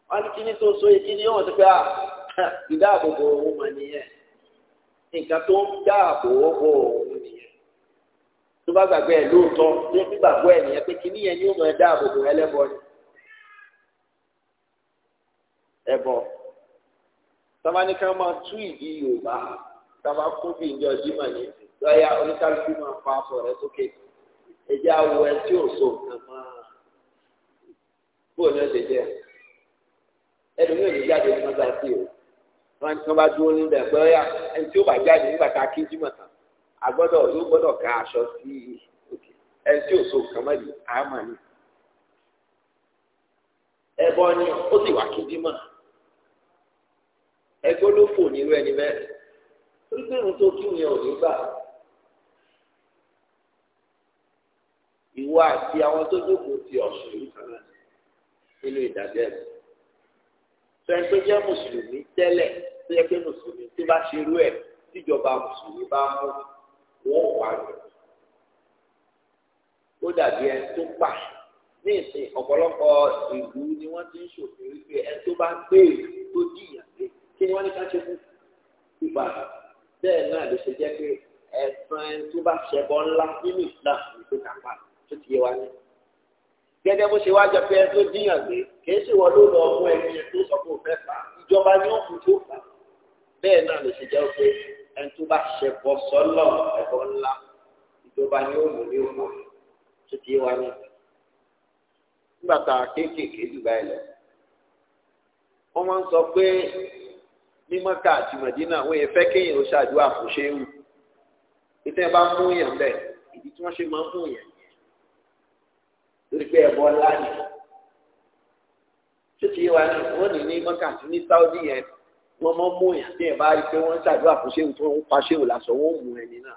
wọ́n ní kíní tó so yìí kíní yóò ti pé ah, ìdáàbòbò òun mà nìyẹn nǹkan tó ń dáàbò bò òun nìyẹn tó bá gbàgbé ẹ̀ lóòótọ́ tó ń gbàgbọ́ ẹ̀ nìyẹn pé kíní yẹn ni ó mọ̀ ẹ́ dáàbòbò ẹlẹ́bọ ni ẹ̀bọ sábàáni ká máa tú ìdí Yorùbá sábà kó ìjọ jimá ní ìgbáyà oníkálukú máa fa aṣọ rẹ̀ sókè ẹjẹ́ awọ ẹ tí ò so nǹkan máa bó ní ọ̀sẹ̀ jẹ́ ẹlòmíì ò jáde ní wọ́n bá sí o wọ́n tí wọ́n bá dúró ní ìdàgbẹ́ ọ̀yà ẹni tí ó bá jáde nígbà tá a kí jímọ̀ tán àgbọ́dọ̀ yóò gbọ́dọ̀ ká aṣọ sí òkè ẹni tí ò so nǹkan mọ́ yìí àmọ́ ni ẹbọ ni ó sì wá kí jímọ̀ ẹgbẹ́ ló fò nílùú ẹni bẹ́ẹ̀ torí pé irun tó kí ni ò ní ìwọ àti àwọn tó jókòó ti ọ̀sùn ìlú kan náà nínú ìdájọ́ ẹ̀sìn. sẹ́ni tó jẹ́ mùsùlùmí tẹ́lẹ̀ tó yẹ pé mùsùlùmí tó bá ṣe irú ẹ̀ tíjọba mùsùlùmí bá mú wọn wà lọ. ó dàbí ẹni tó pa ní ìsìn ọ̀pọ̀lọpọ̀ ìlú ni wọ́n ti ń ṣòfin wípé ẹni tó bá gbé ìlú tó jìyà pé kí ni wọ́n ní ká ṣe fún ìgbà bẹ́ẹ̀ náà ló ṣe jẹ́ pé ẹ̀sán ẹni tó bá ṣẹbọ ńlá nínú ìsìlámù ní pé tó ti yé wa ní. gẹ́gẹ́ bó ṣe wá jọ pé ẹ tó díyàn gbé kì í ṣe wọ́n ló lọ mú ẹni tó sọ́kò fẹ́ fà á ìjọba ni ó kù tó fà á bẹ́ẹ̀ náà ló ṣe jẹ́ pé ẹni tó bá ṣe bọ́ sọ́lọ̀ ẹ̀bọ ńlá ìjọba ni ó mú ní òkú tó ti yé wa ní. nígbà tá a kéékèèké jù báyìí lọ wọ́n máa ń sọ pé mímọ́ ká àti mọ̀dínà wọ́n yẹ fẹ́ kéèyàn ó ṣàdúrà fún ṣéwù ìtẹ́ bá mú yàn bẹ́ẹ̀ ìdí tí wọ́n ṣe máa ń mú yàn torí pé ẹbọ ńlá ni títí wa ni wọn ní ní mọkàtí ní Saudi yẹn wọn mọ mú yàn tí ẹ bá rí i pé wọn ń ṣàdúrà fún ṣéwù tó ń pa ṣéwù lásán wọn ò mú ẹni náà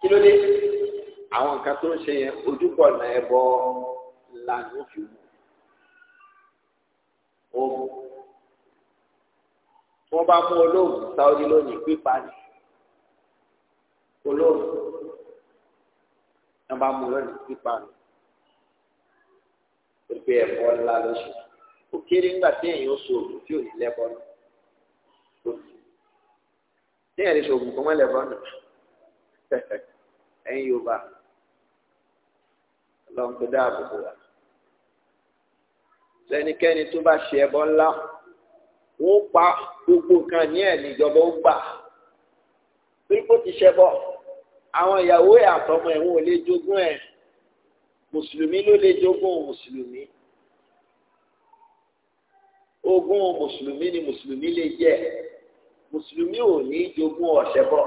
kí ló dé àwọn nǹkan tó ń ṣe yẹn ojúbọ ọ̀nà ẹbọ ńlá ni wọn fi mú wọn bá mú olóògùn Saudi lónìí pípa ni olóògùn wọn bá mú lọ́nà pípa nù pé ẹ̀fọ́ ńlá ló ṣe kò kéré ńgbà tí èèyàn ó so oògùn tí ò ní lẹ́bọ́ nù tí èèyàn lè so oògùn kó mọ́ lẹ́bọ́ nù ẹ̀yin Yorùbá lọ́n tó dáàbò bò wá sẹ́nikẹ́ni tó bá ṣe ẹbọ ńlá wọ́n pa gbogbo nǹkan ní ẹ̀ níjọba ó gbà pé kó ti ṣẹbọ àwọn ìyàwó ẹ̀ àtọmọ ẹ̀ wọn ò lè jogún ẹ̀ mùsùlùmí ló lè jogún mùsùlùmí ogún mùsùlùmí ni mùsùlùmí lè jẹ mùsùlùmí ò ní jogún ọ̀ṣẹbọ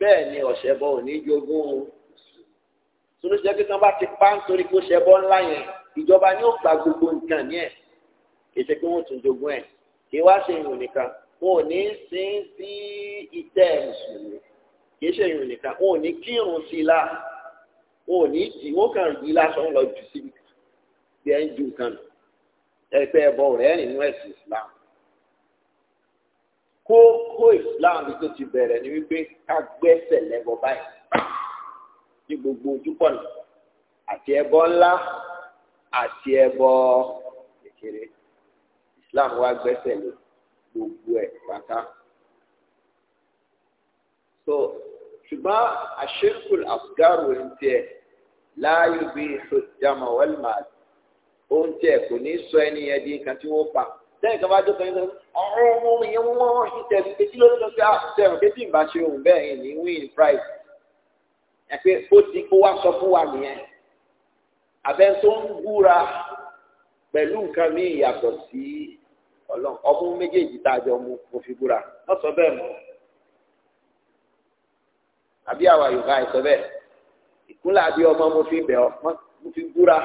bẹ́ẹ̀ ni ọ̀ṣẹbọ ò ní jogún sunu jẹ́ pé kán bá ti pa nítorí kó ṣẹbọ ńlá yẹn ìjọba ni ó gba gbogbo nǹkan yẹn kì í pé wọ́n tún jogún ẹ̀ kí wá ṣe ìrùn nìkan wọn ò ní sin sí ìtẹ́ mùsùlùmí kìí ṣe ìrìn nìkan wọn ò ní kírun sí i la wọn ò ní jì wọn kàn yí lásán wọn lọ jù síbi bí ẹ ń ju nǹkan nù ẹgbẹ́ ẹbọ rẹ nínú ẹ̀sìn Islam kó kó Islam tó ti bẹ̀rẹ̀ ni wípé ká gbẹ́sẹ̀ lẹ́bọ báyìí ní gbogbo ojúkọ̀nà àti ẹbọ ńlá àti ẹbọ kékeré Islam wá gbẹ́sẹ̀ lé gbogbo ẹ̀ pátá ṣùgbọ́n àṣírkùn afghan ń tiẹ̀ láàyò bí ìṣòjàmọ wẹlmà ohun tiẹ̀ kò ní sọ ẹni yẹn di nǹkan tí wọ́n pa lẹ́yìn kan bá jókòó yín sọ ọ̀rọ̀ ọmọ yẹn wọ́n ṣì tẹ̀lé pé kí ló ń sọ sí àwọn ah, pé tí ìbá ṣe òun bẹ́ẹ̀ ní win price ẹ pé ó ti kó wá sọ fún wa nìyẹn abẹ́ tó ń búra pẹ̀lú nǹkan míì yàtọ̀ sí ọlọ́run ọmú méjèèjì tá a jọ mú kò fi búra wọ́n sọ bẹ́ẹ̀ mọ́ àbí àwa yorùbá ẹsọ bẹ́ẹ̀ ìkúnlẹ̀ àbí ọmọ mo fi bẹ̀ ọ́ mo fi búra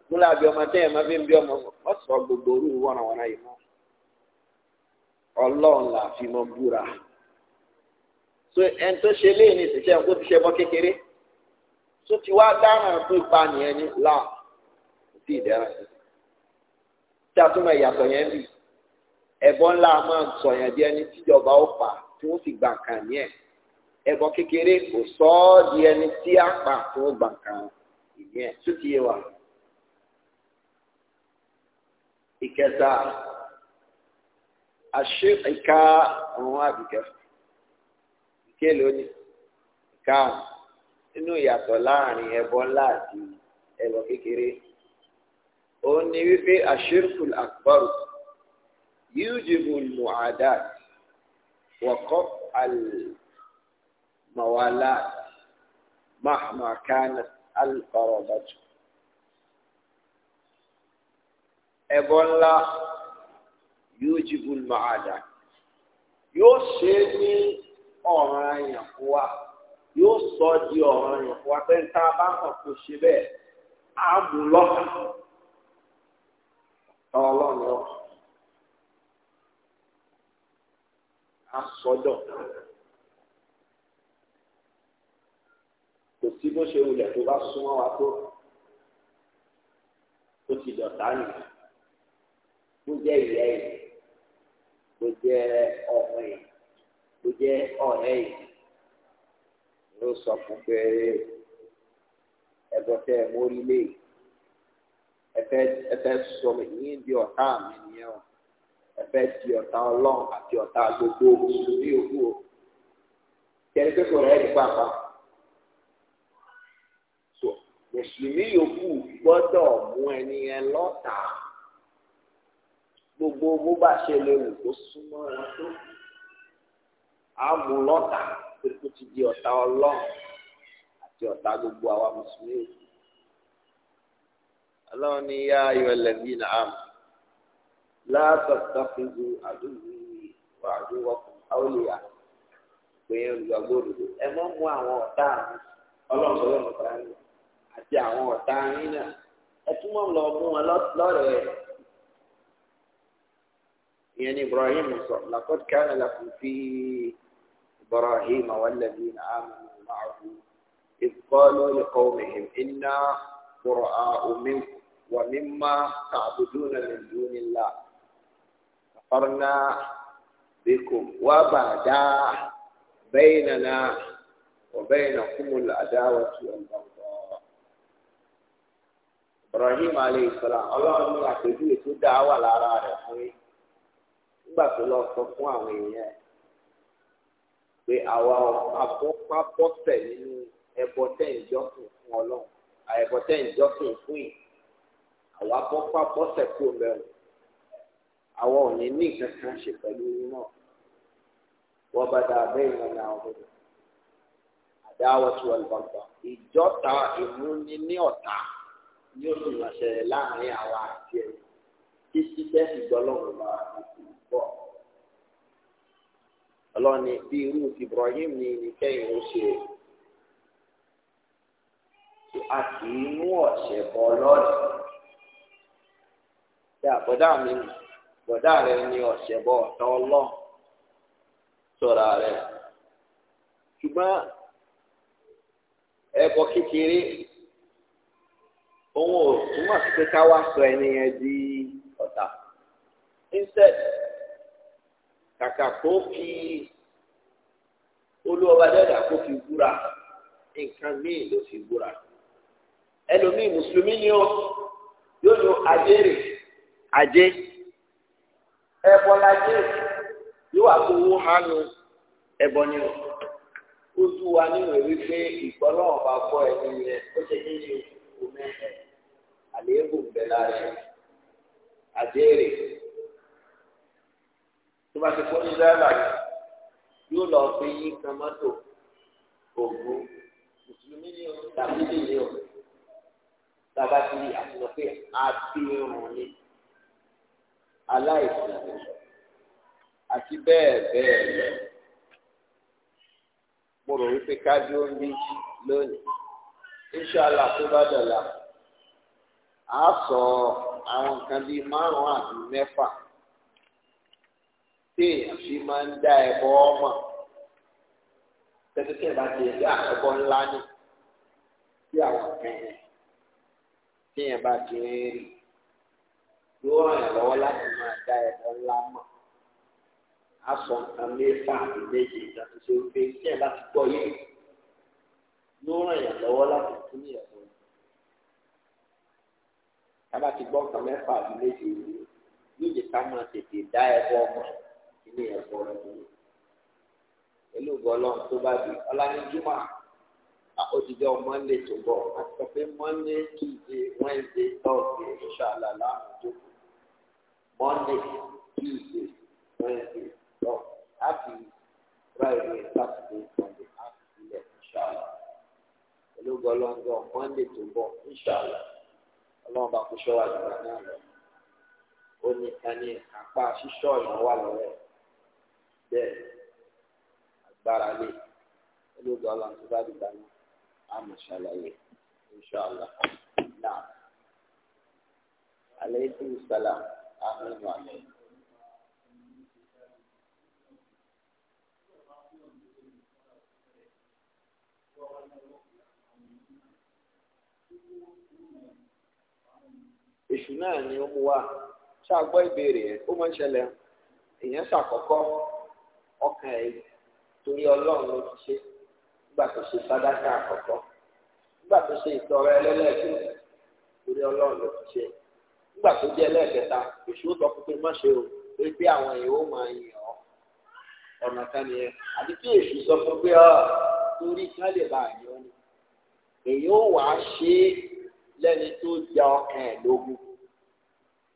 ìkúnlẹ̀ àbí ọmọ tẹyẹ má fi ń bí ọmọ wọn sọ gbogbo orú wọnàwọnà yìí mọ Ọlọ́run là fi mọ búra so ẹni tó ṣe léyìn ní ìṣiṣẹ kó ti ṣe bọ kékeré tó ti wá dáràn fún ipa nìyẹn là kò tí ì dẹràn tí a túmọ̀ ìyàtọ̀ yẹn bì ẹ̀bọ ńlá máa sọ̀yàn díẹ̀ ní tíjọba ó fà tí wọ́n sì gbà kàn ní ẹ̀ ẹbọ kékeré kò sọ ọ di ẹni tí a pa tó gbà kan ìyẹn tó ti yé wa. ìkẹta àṣe ìka àwọn àbíkẹ ìké lónìí ìka nínú ìyàtọ̀ láàrin ẹbọ ńlá àti ẹbọ kékeré òun ni wípé àṣírkù àkbọrù yíjìbù mùádà wọkọ àlè. موالات مهما كانت القرابة ẹbọ ńlá yóò jìbù màádà yóò ṣe é ní ọ̀ràn àyàn fún wa yóò sọ di ọ̀ràn àyàn wa a asọdọ. sí bó ṣe wulẹ̀ tó bá súnmọ́ wa tó ó ti dọ̀tá nì kó jẹ́ ìyá yìí kó jẹ́ ọmọ yìí kó jẹ́ ọ̀rẹ́ yìí ló sọ fún pé ẹ̀gbọ́n tẹ́ ẹ mórí lé ẹ fẹ́ sọ mi ní ibi ọ̀tá mi nìyẹn o ẹ fẹ́ di ọ̀tá ọlọ́run àti ọ̀tá gbogbo mùsùlùmí òkú o kẹ́ni pé kò rẹ́ ẹ̀ nípa àpapọ̀ mùsùlùmí yòókù gbọ́dọ̀ mú ẹni yẹn lọ́tàá gbogbo bó bá ṣe lè wù kó súnmọ́ wọn tó á mú lọ́tàá pé kó ti di ọ̀tá ọlọ́run àti ọ̀tá gbogbo àwa mùsùlùmí yòókù ọlọ́run ní yá ayọ̀ ẹlẹ́bí náà látọ̀tàfíìsì àdúgbò wà àdúgbò àwòlíyà pé olùgbàgbọ́ òdodo ẹ má mú àwọn ọ̀tá mi ọlọ́run nípa ẹni. àwọn ọ̀tá yín náà ẹ túmọ̀ lọ mú wọn lọ́rẹ̀ẹ́ ìyẹn ní Ibrahim sọ laqad kana lakum fi Ibrahim walladhina amanu ma'ahu idh qalu liqawmihim kúrò á omi wa mimma ta'buduna min dunillah kafarna bikum wa bá na wà bada bainana وبينكم العداوة والبغضاء rahim aleyhisselam ọlọ́run ní àpèjúwe tó dáa wà lára rẹ̀ fún yín nígbà tó lọ sọ fún àwọn èèyàn pé àwa àfọ́pá bọ́sẹ̀ nínú ẹbọ tẹ̀ ń jọ́sìn fún ọlọ́run ẹbọ tẹ̀ ń jọ́sìn fún yìí àwa àfọ́pá bọ́sẹ̀ kú mẹ́rin àwa ò ní ní nǹkan ṣe pẹ̀lú yín náà wọ́n bá dáa bẹ́ẹ̀ ní ọ̀nà àwọn ọmọdé àdáwọ̀ tí wọ́n lọ́gbà ìjọ́ta ìmúni ní ọ̀tá ní oṣù ìwàṣẹ láàrin àwa àti ẹ títí tẹsí gbọlọrun bá bọ ọlọni bí irú Ibrahim ní ìkẹyìn ó ṣe a kì í mú ọ̀sẹ̀ bọ lọ́dọ̀ tí àbọ̀dá mi bọ̀dá rẹ ní ọ̀sẹ̀ bọ ọ̀tọ̀ ọlọ́ọ̀ sọ̀ra rẹ ṣùgbọ́n ẹ̀kọ́ kékeré. òun ò túmọ̀ sí pé ká sọ ẹni di ọ̀tá instead kàkà kó fi olúwọba dẹ́dà kó fi búra nǹkan míì ló fi búra ẹlòmíì mùsùlùmí ni ó yóò lo ajé rè ajé ẹbọ lajé yóò wá kó owó hánu ẹbọ ni ó tú wa nínú ìwé pé ìgbọ́lọ́wọ́ bá fọ ẹni yẹn ó ṣe àléébù ń bẹ lára ẹ̀ àjẹrè tó bá ti kó ní dáàbà yóò lọ fi yí tomato ògùn mùsùlùmí ni o tàbí lè ní o tàbá ti rí àtúnṣe pé àbírùn ni aláìsàn àti bẹ́ẹ̀ bẹ́ẹ̀ lọ mo rò wípé kájú ń bí lónìí inṣàlá tó bá dọ̀la a sọ àwọn nǹkan bíi márùn àti mẹ́fà téèyàn fi máa ń dá ẹbọ ọmọ tẹkẹkẹ bá ti ẹgbẹ àkọ́kọ́ ńlá ní sí àwọn kan yẹn téèyàn bá ti ń rí yóò ràn yàn lọ́wọ́ láti máa dá ẹbọ ńlá mọ̀ a sọ nǹkan mẹ́fà àti méje ìgbà tó ṣe wípé bá ti gbọ́ yé yóò ràn yàn lọ́wọ́ láti tún yàn tába ti gbọ́ nǹkan mẹ́fà àbí méje yìí yóò jẹ́ ká máa tètè dá ẹbọ ọmọ ilé ẹbọ rẹ lórí elúgbọ Ọlọ́run tó bá di ọlánìjúmọ àkójúdé mọ́ndé tó bọ̀ àti sọ pé mọ́ndé tuesday wednesday thursday inshallah láàmú tó kù mọ́ndé tuesday wednesday thursday happy friday saturday sunday ilẹ̀ inshallah elúgbọ Ọlọ́run tó mọ́ndé tó bọ̀ inshallah ọlọ́run bá kó ṣọ́ra ìgbà náà lọ ó ní ẹni apá ṣíṣọ́ ìran wà lọ́wọ́ bẹ́ẹ̀ agbára lé olóògbé ọlọ́run tó bá dìgbà náà á mọ̀ ṣàlàyé inṣàlá náà alẹ́ ìdúró sálà á mẹ́nu àmẹ́yìn. èṣù náà ni ó mú wá ṣáàgbọ́ ìbéèrè yẹn ó máa ń ṣẹlẹ̀ èèyàn ṣàkọ́kọ́ ọkàn ẹ̀ torí ọlọ́run ló ti ṣe nígbà tó ṣe sàdákà àkọ́kọ́ nígbà tó ṣe ìtọrẹ ẹlẹ́lẹ́ẹ̀kẹ́ torí ọlọ́run ló ti ṣe nígbà tó jẹ́ ẹlẹ́ẹ̀kẹta èṣù ó sọ fún pé má ṣe o pé pé àwọn èèyàn ó máa yìn ọ́ ọ̀nà kan nìyẹn àti tí èṣù sọ fún pé ọ́ torí ká lè bá àyàn ni èèyàn ó wàá ṣe lẹ́ni tó ja ọkàn ẹ̀ lógún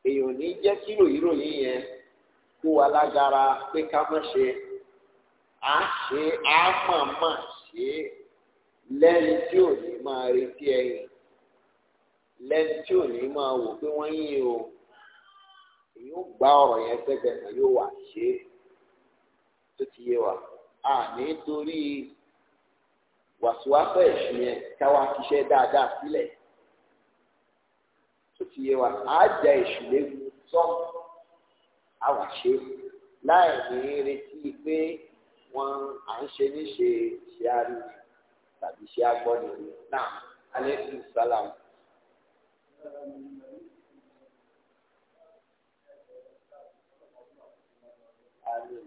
èèyàn ní jẹ́ kí ròyìnròyìn yẹn kó wa lágara pé ká má ṣe á ṣe á mà má ṣe lẹ́ni tí ò ní máa retí ẹ̀yìn lẹ́ni tí ò ní máa wò pé wọ́n yín o èyí ó ọ̀rọ̀ yẹn sẹ́gbẹ̀ẹ́ náà yóò wà ṣe tó ti yé wa a nítorí wàsíwàsá ẹ̀sìn yẹn káwa ṣiṣẹ́ dáadáa sílẹ̀ tó ti yé wa á jẹ èṣù léwu tán àwà ṣe láì ní retí pé wọn à ń ṣe níṣe ṣe àríwí tàbí ṣe agbọ́ni náà alẹ́ kìí sálàmù. Amen.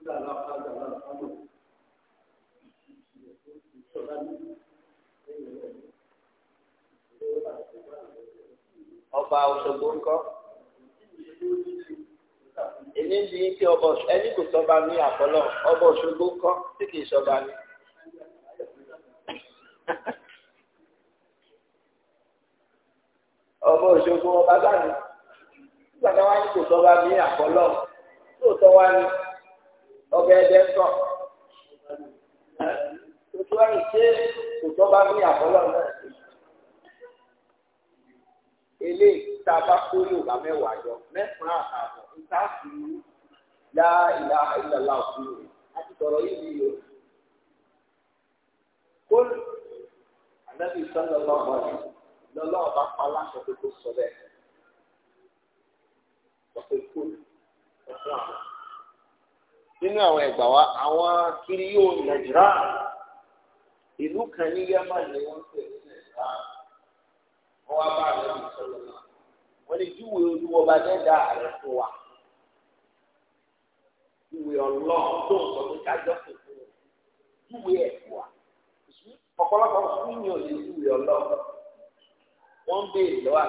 ọba Òṣogbo ńkọ́ èmi ń di kí ọba ẹni kò sọba ní àkọlọ ọba Òṣogbo ńkọ́ tí kì í sọba ní. ọba Òṣogbo ọba bá mi nígbà tí wọn á ní kò sọba ní àkọlọ lóòótọ́ wá ní ọbẹ̀ ẹ̀dẹ̀ sọ. Tuntun ẹni ṣé tuntun bá ní àbọ̀lọ̀ náà ṣe. Ilé tá a bá kó Yorùbá mẹ́wàá jọ mẹ́sàn-án àtààbọ̀ níta sí lá ìlà ìlàlá òkú rẹ̀ láti sọ̀rọ̀ yìí ni o. Kólú ànábì sọ́nà lọ́wọ́ rẹ̀ lọ́lọ́wọ́ bá pa aláṣọ tó sọ bẹ́ẹ̀. Ọ̀pẹ̀ kólú ọ̀pẹ̀ àwọn. nínú àwọn ẹgbà wa àwọn kiri yóò nàìjíríà ìlú kan ní yamma ni wọn pè ní nàìjíríà wọn wá bá àlẹ mi sọ̀rọ̀ náà wọn lè júwe olúwọba dẹ́dá ààrẹ fún wa júwe tó ń sọ pé kájọ kò fún wọ́n ń béèrè lọ́wọ́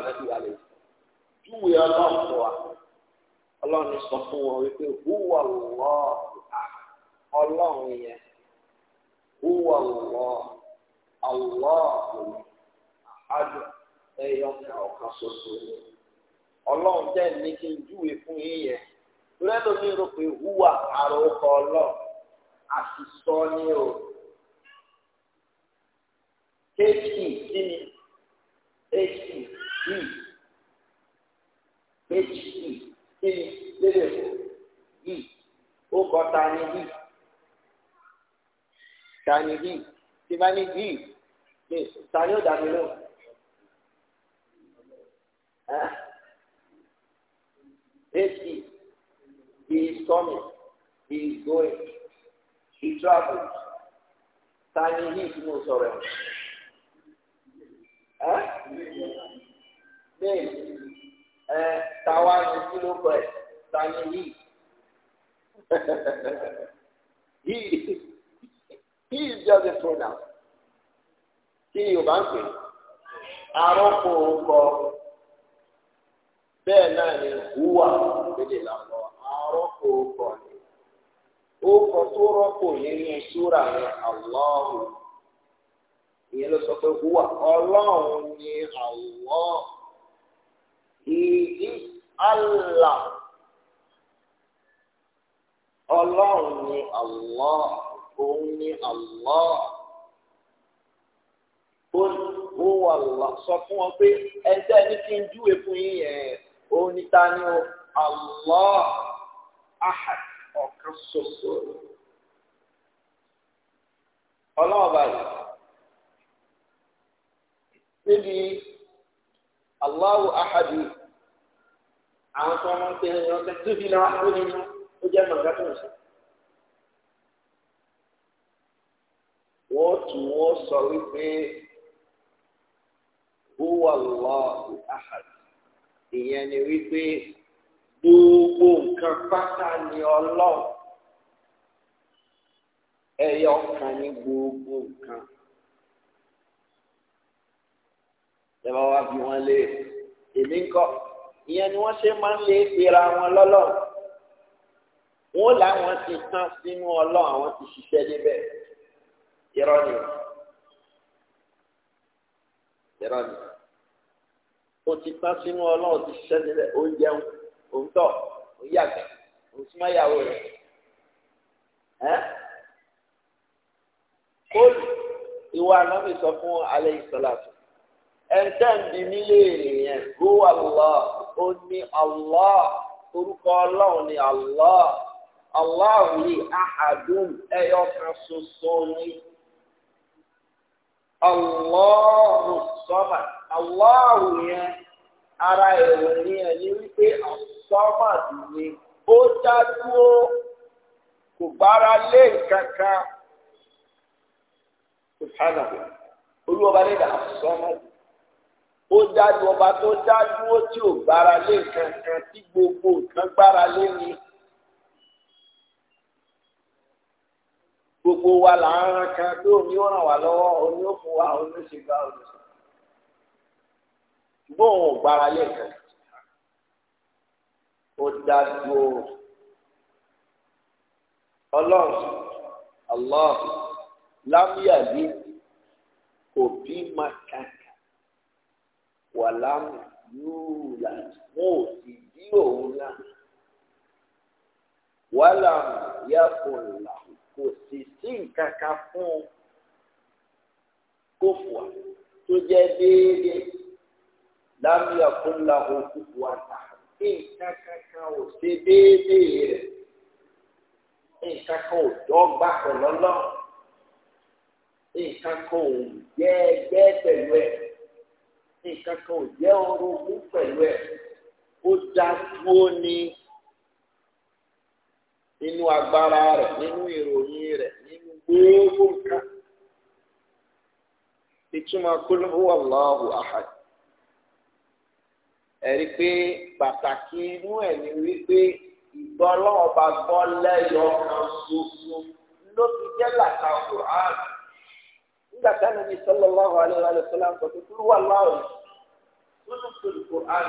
lè júwe fún wa. ọlọ́run sọ fún wọn wípé húwà lọ́ ọlọ́run yẹn húwà lọ́ ọlọ́run àádọ́ ẹ̀yọ kan ọ̀kan ṣoṣo ni ọlọ́run jẹ́ ní kí n júwe fún yín yẹn lẹ́nu mi rò pé àrò ọkọ̀ ọlọ́run o e, kéèkì ni kéèkì kéèkì e, kí ni lédè yìí ó kọ́ ta ni yìí ta ni yìí tí bá ní yìí ní ta ó dà mí lọ. Eighty, he is coming, he is going, he travels. Ta ni yìí tí mo sọ̀rọ̀ ẹ̀? Bẹ́ẹ̀ni. ẹ táwa ní kí ló kọ ẹ tani yìí yìí yìí is just a pronoun kí ni yorùbá ń pè arọ́pò orúkọ bẹ́ẹ̀ náà ni hùwà lédè làwọn arọ́pò orúkọ ni orúkọ tó rọ́pò nínú súrà ni aláhùn ìyẹn ló sọ pé ọlọ́run ni He is Allah. Ọlọ́run ni Allah. Òun ni Allah. Ó ó wà lọ sọ fún wọn pé ẹ̀ńtẹ́ ní kí n júwe fún yín yẹn. Òun ni ta o? Allah ahad ọ̀kan ṣoṣo. Ọlọ́run báyìí. Níbi. Allahu ahadu àwọn tó wọn pè é wọn tó fi náà wọn ní ó jẹ màgá tó ń sọ. wọ́n tù wọ́n sọ wípé huwa Allahu ìyẹn ni wípé gbogbo nǹkan pátá ni ọlọ́run ẹyọ kan ní gbogbo nǹkan. lẹ́wọ́n wá bí wọ́n lé èmi ń kọ́ ìyẹn ni wọ́n ṣe máa ń lé pera wọn lọ́lọ́ wọn làwọn ti tán sínú ọlọ́ àwọn ti ṣiṣẹ́ níbẹ̀ irọ́ ni irọ́ ni o ti tán sínú ọlọ́ o ti ṣiṣẹ́ níbẹ̀ o ń jẹun o ń tọ̀ o ń yàgbẹ́ o ń súnmọ́ ìyàwó rẹ̀ ẹ́ kóòlù ìwà ànábì sọ fún alẹ́ ìsọ̀lá tó. ẹ̀ńtẹ́ ya bi mí o ni ala o ó ní Allah orúkọ ọlọ́run ní Allah Allah yìí ahadun ẹyọ kan ṣoṣo ní Allahu sọ́mà yẹn ara ìròyìn ẹ̀ ní wípé dị ni ó dá kò gbára lé ó dájú ọba tó dájú ó tí ò gbára lé nǹkan kan tí gbogbo nǹkan gbára lé ni. gbogbo wa là ń ran kan tó ní ó ràn wá lọ́wọ́ ó wa ó ṣe gbá oní. ṣùgbọ́n òun gbára lé nǹkan. ó dájú ọlọ́run kò wàlámù yúùlà wọn ò sì òun náà wàlámù yàkùnlà kò sì sí nǹkan fún kófùà tó jẹ́ déédéé lámìyà kúnlá òkúkú àtà nǹkan kankan ò ṣe déédéé rẹ̀ nǹkan ò dọ́gba pẹ̀lọ́lọ́ nǹkan ò jẹ́ ẹgbẹ́ pẹ̀lú ẹ̀. nǹkan kan ò jẹ́ orogún pẹ̀lú ẹ̀ ó dá dúró ní nínú agbára rẹ̀ nínú ìròyìn rẹ̀ nínú gbogbo nǹkan. ìtumọ̀ kul ẹ̀rí pé pàtàkì inú ẹ̀ ni wípé nígbà tí anabi sallallahu alayhi wa sallam sọ pé kúrú wà láàrú nínú pẹ̀lú quran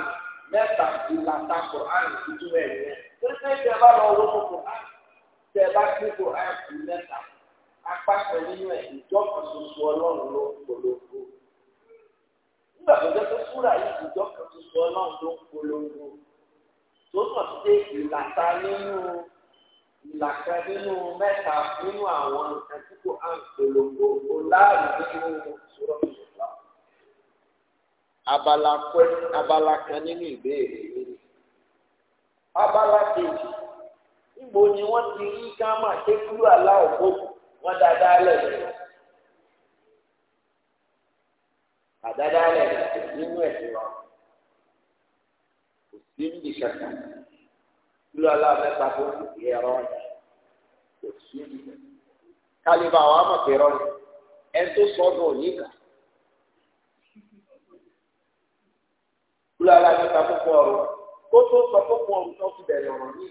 mẹ́ta ìlàta quran tuntun ẹ yẹn tẹsẹ tẹ bá lọ wọnú quran tẹ bá kí quran sí mẹ́ta apá kan nínú ẹ ìjọkan ṣoṣo Ọlọ́run ló ń polongo nígbà tó jẹ pé súrà yìí ìjọkan ṣoṣo Ọlọ́run ló ń polongo tó tàn sí ìlàta nínú. ìlàkà nínú mẹ́ta nínú àwọn nǹkan tí kò hàn polongo o láàrin nínú ìṣòro ìṣòro. Abala pẹ́ abala kan nínú ìbéèrè yìí. Abala kejì níbo ni wọ́n ti rí gámà kékeré aláwọ̀ wọ́n dáadáa Àdáadáa nínú ẹ̀sìn wa. Kò sí lọ aláàbẹ̀ta tó ń fi ẹ̀rọ ni kò sí ibi kálíbà àwọn amọ̀pẹ̀ ẹ̀rọ ni ẹni tó sọ ọdún òní kà lọ aláàbẹ̀ta tó kọ ọ̀rọ̀ kó tó sọ fún ọ̀rọ̀ tó ti bẹ̀rẹ̀ ọ̀rọ̀ ní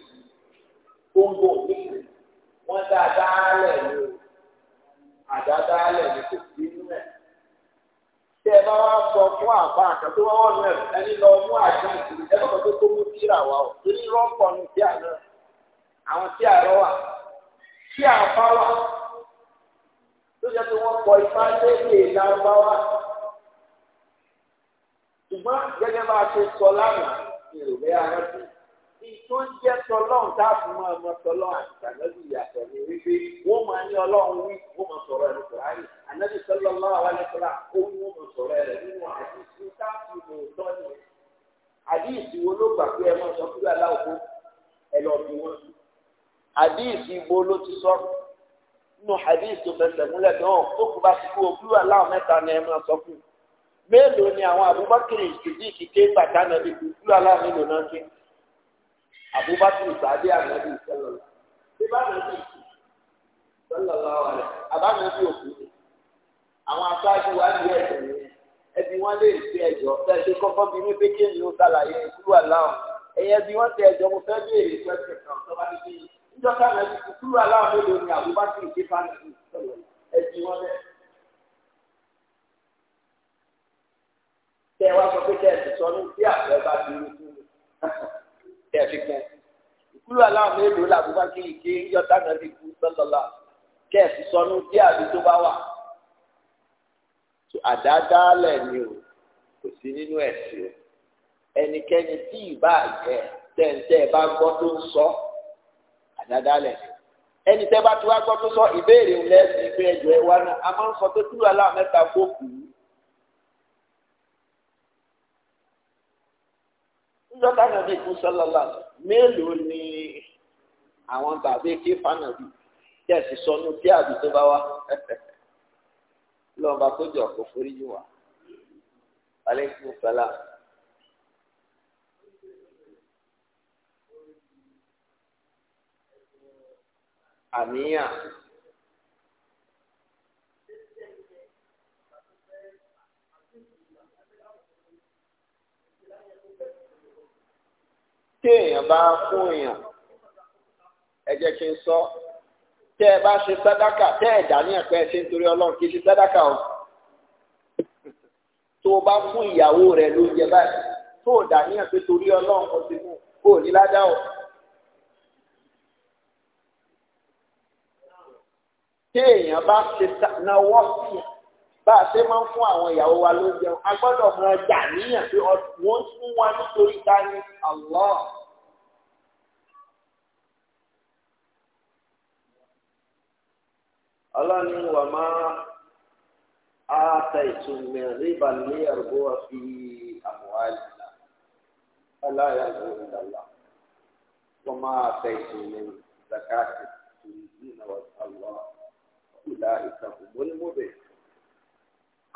kóńgò nígbè wọ́n dáadáa lẹ̀ ní o àdáadáa lẹ̀ ní kò sí inú ẹ̀ tẹ ẹ bá wá sọ fún àbá àkàtúwọ́wọ́ náà ẹni lọ mú àjọ ìdílé ẹ bá kọ́ tó tó mú tíra wa o torí rọ́pọ̀ ní tí a lọ àwọn tí a lọ wà tí a bá wà tó jẹ́ pé wọ́n kọ ipá léde lárúbáwá ṣùgbọ́n gẹ́gẹ́ bá a ṣe sọ lánàá ní òwe arábí ìtò ń jẹ́ tọlọ́run tá a fún máa mọ àti ànábì yàtọ̀ ní wípé wọ́n máa ní ọlọ́run wí wọ́n máa sọ̀rọ̀ ẹ̀rọ sọ̀rọ̀ ayé ànábì sọ́lọ́lá àwọn ẹ̀rọ sọ̀rọ̀ ó wọ́n máa sọ̀rọ̀ ẹ̀rọ nínú àti ìṣúná ìmọ̀ òótọ́ nìyẹn àdíìsì wo ló gbà pé ẹ máa sọ fúlẹ̀ aláwọ̀ ẹ lọ bí wọn àdíìsì wo ló ti sọ nínú àdíìsì tó fẹsẹ̀ múlẹ̀ náà tó kù bá ti kú òkúlù aláwọ̀ mẹ́ta ni ẹ máa sọ fún mélòó ni àwọn Abubakar Siddiq ké gbàgbá náà bí òkúlù aláwọ̀ mélòó náà ké Abubakar sàdé ànábì sẹlẹ̀ ṣé bá nàbì sẹlẹ̀ láwàlẹ̀ àbá nàbì òkú àwọn aṣáájú wa ń yẹ ẹ̀sẹ̀ ní ẹbí wọn lè ṣe ẹjọ́ tẹ ṣe kọ́kọ́ bí wípé kí èmi ó ṣàlàyé kúrò aláwọ ẹyẹ bí wọn tẹ ẹjọ́ mo fẹ́ béèrè pẹ̀sẹ̀ kan tọba ní bí níjọ́ sáà náà ti kúrò aláwọ mélòó ni àbúbá sì ń ké fáńtì ẹbí wọn bẹ́ẹ̀. tẹ wá sọ pé tẹ ẹ ti sọ ní bí àpẹ bá ti rí fún mi tẹ ẹ fi kún ìkúrò aláwọ mélòó làbúbá sì ń náà ti kú sọlọlá kẹ ẹ ti sọ ní bí àbí tó bá wà àdádálẹ̀ ni o kò sí nínú ẹ̀sìn o ẹnikẹ́ni tí ìbá jẹ tẹ̀ǹtẹ̀ bá gbọ́ tó ń sọ àdádálẹ̀ ẹni tẹ́ bá ti wá gbọ́ tó sọ ìbéèrè ń lẹ́sìn pé ẹjọ́ ẹ wá náà a máa ń sọ pé túwà láàmẹ́ta fóòkù yìí. níjọ́tà nàbí kú sọ́lọ́lá mélòó ni àwọn bàbá èké fànàbí tẹ̀sí sọnù bí àbí tó bá wá lọ́nba tó jọ kó forí jù wá aleykum salaam. àníyàn téèyàn bá fún èèyàn ẹ jẹ́ kí n sọ. So tẹ́ ẹ bá ṣe sàdákà tẹ́ ẹ dá ní ẹ̀pẹ́ ṣe nítorí ọlọ́run kì í ṣe sàdákà o tó o bá fún ìyàwó rẹ lóúnjẹ báyìí tó o dá ní ẹ̀pẹ́ torí ọlọ́run kò sí mú o ní ládàá o. téèyàn bá ṣe náwó sí bá a ṣe máa ń fún àwọn ìyàwó wa lóúnjẹ a gbọ́dọ̀ máa dá níyàn pé wọ́n ń fún wa nítorí ta ni Allah. ọlọ́ni wà máa آتيتم من ربا ليربو في أموالنا فلا يربو عند الله وما آتيتم من زكاة تريدون وجه الله أولئك هم المضيف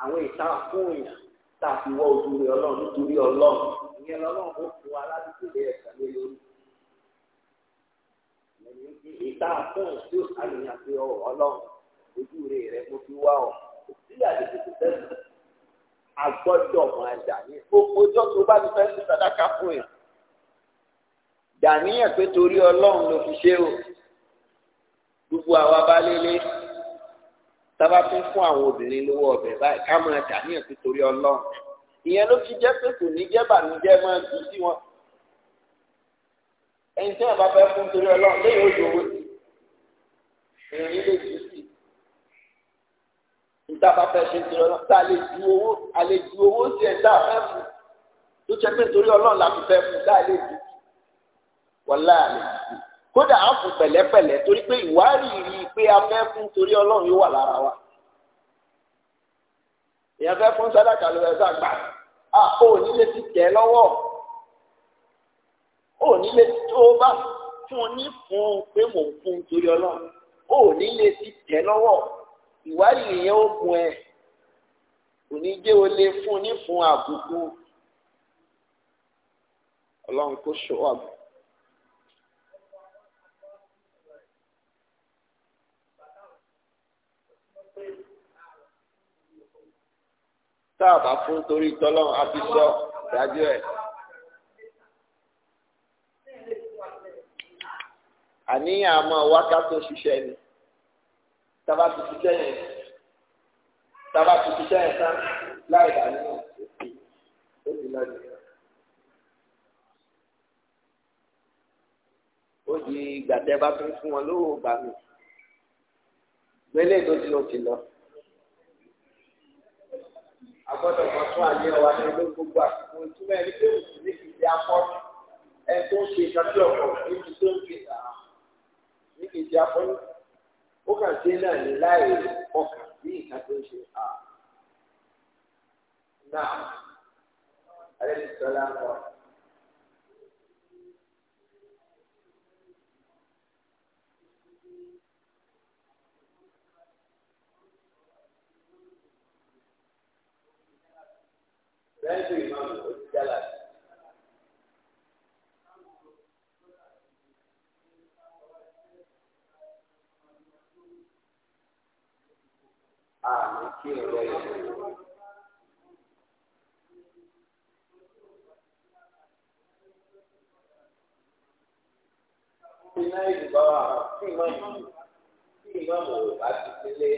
àwọn ìtàn fún èèyàn tá a fi wọ ojúre ọlọ́run nítorí ọlọ́run ìyẹn lọ́lọ́run ó fún wa ládùúgbò lé ẹ̀ka lé lórí. ìtàn fún èèyàn tí ó sàlùyàn ọlọ́run ojú rẹ rẹ mo fi wá ọ sílẹ̀ àdìsí sẹ́nu agbọ́dọ̀ máa dà ní gbogbo ọjọ́ tó bá ti fẹ́ sí sàdákà fún yàn dàníyàn pé torí ọlọ́run ló fi ṣe o gbogbo àwa bá lélé sábà tún fún àwọn obìnrin lówó ọbẹ̀ báyìí ká máa dàníyàn pé torí ọlọ́run ìyẹn ló fi jẹ́ pé kò ní jẹ́ bànújẹ́ máa dùn sí wọn ẹni tí wọn bá fẹ́ fún torí ọlọ́run lẹ́yìn ojú owó ìrìn lè di tá a bá fẹ́ ṣe nítorí ọlọ́run tá a lè ju owó a lè ju owó sí ẹ̀ tá a fẹ́ fún tó jẹ́ pé nítorí ọlọ́run la fi fẹ́ fún tá a lè ju wọlé àlè ju kódà á fún pẹ̀lẹ́pẹ̀lẹ́ torí pé ìwárìrì pé a fẹ́ fún torí ọlọ́run yóò wà lára wa èèyàn fẹ́ fún sádàkà ló fẹ́ sàgbà à ó nílé ti tẹ̀ lọ́wọ́ ó nílé tó bá fún ní fún pé mò ń fún torí ọlọ́run ó nílé ti tẹ̀ lọ́wọ́ ìwádìí yẹn ó kun ẹ kò ní jẹ́ o lè fún ní fún àbùkù ọlọ́run kò ṣọ́ àbùkù. tá fún torí tọ́lọ́run á sọ dájú ẹ̀. àníyàn a wákàtí òṣìṣẹ́ ni tába ti ti sẹ́yìn tába ti ti sẹ́yìn tán láì dá nínú òkè ó di náà di. ó di gbàtẹ́ bá tún fún wọn lówó bá mi gbélé tó ti lọ ti lọ agbọ́dọ̀ kan tún ayé wa ní ilé gbogbo àkókò ìtumọ̀ ẹni pé òsì ní kìí afọ́jú ẹni tó ń ṣe ìtọ́jú ọ̀pọ̀ níbi tó ń fi tà ní kìí afọ́jú ó kà ṣe náà ní láì ọkàn bí nǹkan tó ń ṣe à náà alẹ́ ti sọ lápá. Thank you, Imam. What's àmì ah, kí ìrẹ yẹn. iná ìdìbò àwọn tí ìmọ̀ yìí tí ìmọ̀ mọ̀ bá ti délé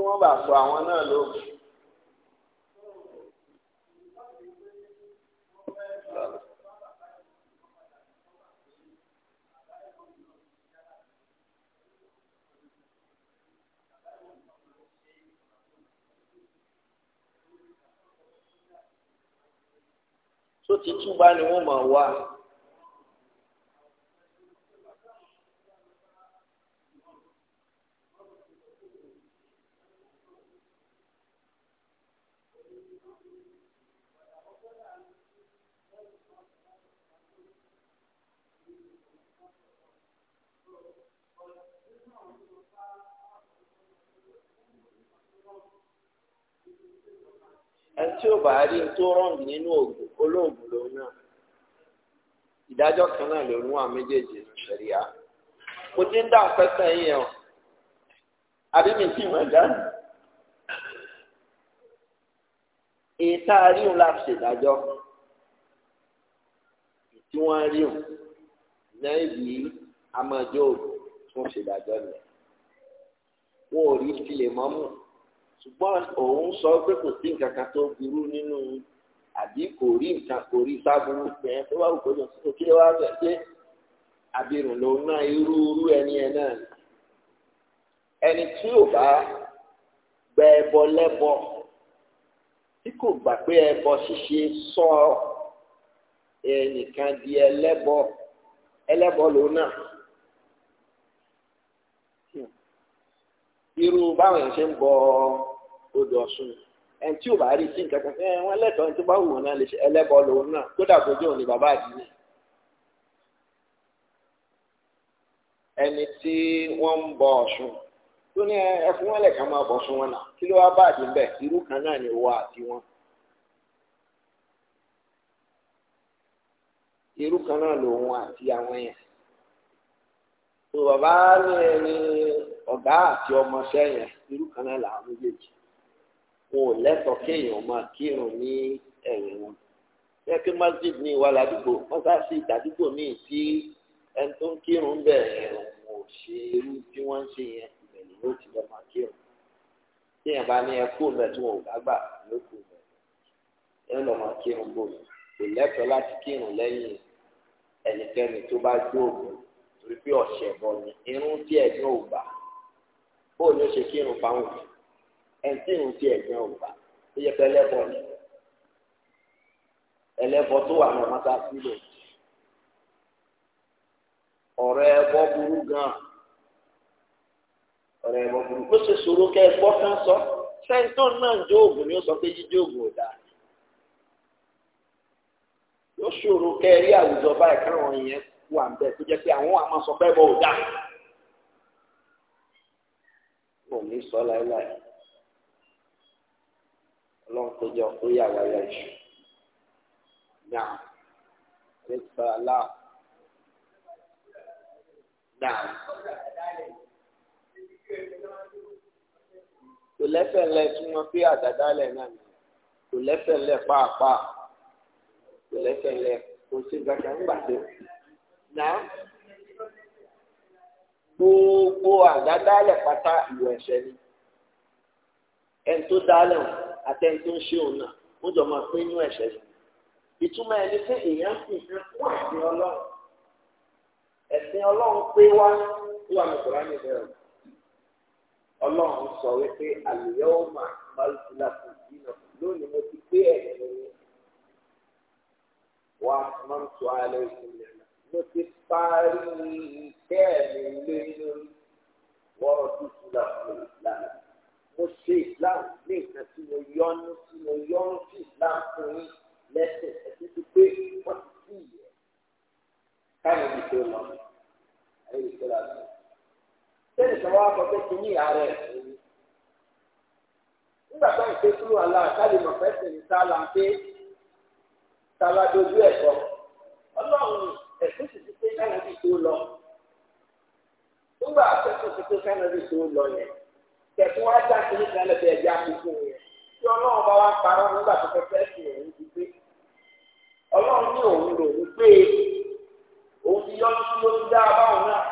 kí wọ́n bá sọ àwọn náà lóògùn. tó ti túbá ni wọ́n máa wá. ẹni tí ó bá rí tó rọ̀ǹgì nínú ògùn, olóògùn lòun náà ìdájọ́ kan náà lòun wà méjèèjì ní sẹ̀ríà mo ti ń dáhùn pẹ́sẹ̀ yìí ẹ̀ ọ́ àbí mi ti mọ̀ dáhùn. ètà ríhùn la ṣèdájọ́ tí wọ́n ríhùn náà bí amọ̀jọ́ tún ṣèdájọ́ nìyẹn wọn ò rí tilẹ̀ mọ́ mú ṣùgbọ́n òun sọ pé kò sí nǹkan kan tó burú nínú àbí kò rí nǹkan kò rí sábúrú yẹn tó wà wùkọ́ yẹn tó kí ló wá bẹ̀ pé àbírùn lòun náà irú irú ẹni yẹn náà ẹni tí ò bá gbẹ ẹbọ lẹ́bọ̀ọ́ tí kò gbà pé ẹbọ ṣíṣe sọ ẹnìkan di ẹlẹ́bọ ẹlẹ́bọ lòun náà irú báwọn yẹn ṣe ń bọ odò ọ̀ṣun ẹn tí ò bá rí sí nǹkan kan ẹ wọn lẹ́tọ̀ọ́ ẹni tó bá wù wọn náà lè ṣe ẹlẹ́bọ lòun náà kódà bójú òun ni bàbá àdínì ẹni tí wọ́n ń bọ ọ̀ṣun tó ní ẹfún wọn lẹka máa bọ fún wọn náà kí ló wá bá àdín bẹ irú kan náà ni wọ àti wọn. irú kan náà lòun àti àwọn yẹn tó bàbá ní ẹni ọ̀gá àti ọmọọṣẹ́ yẹn irú kan náà làwọn méjèèjì wọn ò lẹ́tọ̀ọ́ kéèyàn máa kírun ní ẹ̀yìn wọn yẹ masjid ní ìwà ládùúgbò mọ́sáàsì ìdádúgbò míì tí ẹni tó ń kírun bẹ̀ ẹ̀rùn ò ṣe irú tí wọ́n ń ṣe yẹn ló ti lọ máa kí ọ tí èèyàn bá ní ẹkú mẹ tí wọn ò bá gbà ló kù mẹ ẹ lọ máa kí ọ bò mí kò lẹ́tọ̀ọ́ láti kírun lẹ́yìn ẹnikẹ́ni tó bá jó òògùn torí pé ọ̀sẹ̀ bọ̀ ni irun tí ẹ̀gbọ́n ò gbà bóò ni ó ṣe kírun fáwọn òbí ẹni tí irun tí ẹ̀gbọ́n ò gbà ó yẹ pé ẹlẹ́bọ̀ ni ẹlẹ́bọ̀ tó wà ní ọmọ tá a sílẹ̀ ọ̀rọ̀ ẹbọ burú gan ọ̀rọ̀ ẹ̀mọ́ burúkú ó ṣe ṣòro kẹ́ ẹ gbọ́ kán sọ sẹ́ńtọ́n náà jó oògùn ni ó sọ pé jíjó oògùn ò dáa yóò ṣòro kẹ́ ẹ rí àwùjọ báyìí káwọn yẹn wà ń bẹ́ẹ̀ tó jẹ́ pé àwọn àmọ́ sọ pé ẹbọ ò dáa ò ní sọ láéláé ọlọ́run tó jẹ́ ọkọ yà wáyà ìṣù náà ẹ̀ sọ aláà náà. kò lẹ́sẹ̀ ńlẹ̀ túmọ̀ pé àdàdálẹ̀ náà ni kò lẹ́sẹ̀ ńlẹ̀ pàápàá kò lẹ́sẹ̀ ńlẹ̀ kò sí gbàgbà ńgbà tó náà gbogbo àdádálẹ̀ pátá ìwọ̀ ẹ̀ṣẹ̀ ni ẹni tó dálẹ̀ wọn àti ẹni tó ń ṣe òun náà wọ́n jọ máa pín inú ẹ̀ṣẹ̀ ni ìtumọ̀ ẹni pé èèyàn sì fẹ́ fún ẹ̀sìn ọlọ́run ẹ̀sìn ọlọ́run pé wá wíwà ní kòránì bẹ́ẹ̀ ọlọ́run sọ wípé àlùyẹ́ ó mà màlúùlà kò sí nà lónìí mo ti gbé ẹ̀mí mi wá máa ń tó alẹ́ ìsinmi ẹ̀ mo ti parí ìkẹ́ mi lóyún wọ́rọ̀ tuntun là ìlànà mo ṣe ìlànà ní nǹkan tí mo yọ́nú tí mo yọ́nú sí ìlànà fún yín lẹ́sìn ẹ̀sì ti pé wọ́n ti sí ìyẹn káyọ̀ ìgbé lọ ẹ̀yìn ìgbé lọ. sẹ́ni kan wá sọ pé kìíní ìyá rẹ̀ nígbà tó ń kúrò àlá àtàlè mọ̀ fẹ́ sìn ní sálà ń lọ nígbà àtẹ́sùn ti pé lọ yẹn kẹ̀kún wá já àkókò yẹn tí ọlọ́run bá wá parọ́ nígbà tó fẹ́ fẹ́ òun ti gbé ọlọ́run ní òun lòún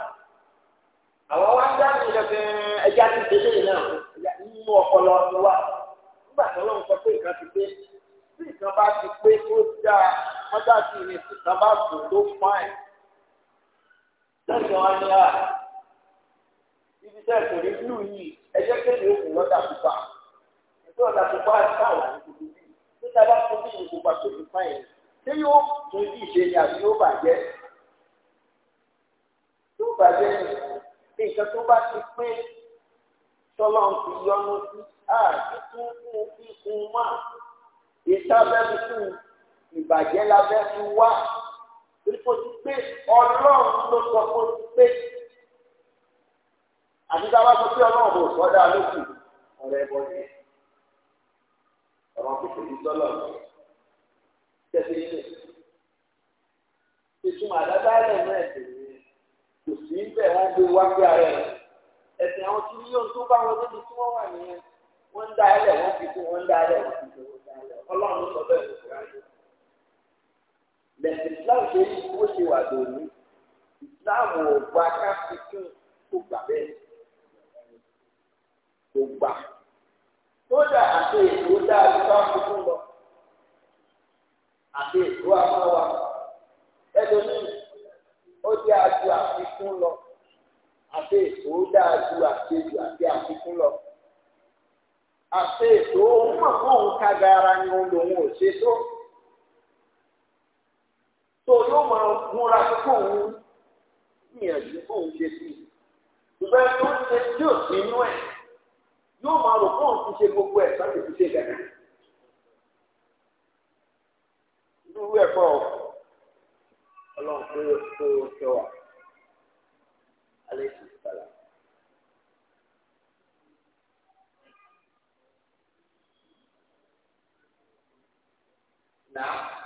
àwọn wá sáàmì ìdọ̀fẹ́ ẹja ti tẹ̀lé yìí náà nínú ọpọlọ ọdún wa nígbà tó lóun sọ pé nǹkan ti pé tí nǹkan bá ti pé tó dáa mọ́tà sí ni nǹkan bá kù tó fáìn lọ́sàn-án ni a ibi tẹ́ kò ní blu yìí ẹjẹ́ kéde òkú lọ́dà pupa ètò ọ̀dà pupa táwọn àti kòtò bíi tó dáa bá tó bíi ìkópa tó fi fáìn ṣé yóò tún ìṣe ni àbí yóò bàjẹ́ yóò bàjẹ́ ni nǹkan tó bá ti pé tọ́lá ń fi yọnu sí àtúntún fún fífún mọ́ ìsábẹ́ni fún ìbàjẹ́ lábẹ́ fún wá torí kò ti pé ọlọ́run ló sọ kó ti pé àti tá a bá sọ pé ọlọ́run kò sọ dáa lókù ọ̀rọ̀ ẹ̀bọ ni ọ̀rọ̀ kò tẹ̀lé sọ́lọ̀ ni tẹ̀lé ilé ìtumọ̀ àdáda ẹ̀rọ náà dé níbẹ̀ wọ́n gbé wá gbé ara ẹ̀ ẹ̀sìn àwọn tí mílíọ̀nù tó bá wọn débi tí wọ́n wà nìyẹn wọ́n ń da ẹlẹ̀ wọ́n fi kú wọ́n ń da ẹlẹ̀ wọ́n fi kú wọ́n ń da ẹlẹ̀ ọlọ́run sọ bẹ́ẹ̀ ló kúra yìí. lẹ́sìn islam ṣe yí bó ṣe wà lónìí islam ò gba káfíńkùn kó gbà bẹ́ẹ̀ kó gbà kódà àti ètò dáadé bá fún lọ àti ètò àmọ́ wa ẹlòmíì ó dáa ju àfikún lọ àti èso dáa ju àṣejù àti àfikún lọ àti èso òun mọ̀ fún òun kága ara ni òun lòun ò ṣe tó tó yóò máa múra fún òun gbìyànjú fún òun ṣe sí ìgbà tó ń ṣe tí ò sí inú ẹ̀ yóò máa rò fún òun ti ṣe gbogbo ẹ̀ sáà ṣe gàdá irú ẹ̀kọ́ ọ̀hún ọlọ́run pé kó o fẹ́ wà alẹ́ sì Now.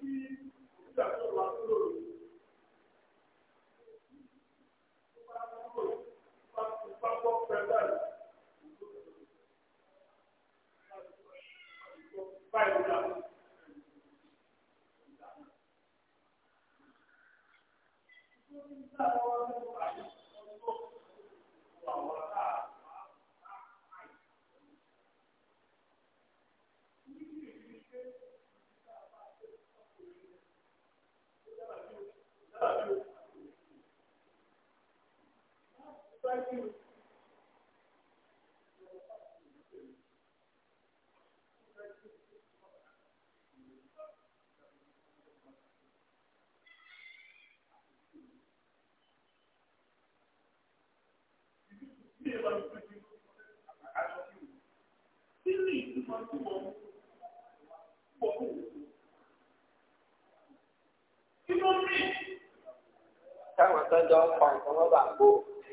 第一，第二个。Táwọn sọ́jọ́ ọ̀pọ̀ nǹkan wọ́n bá gbó.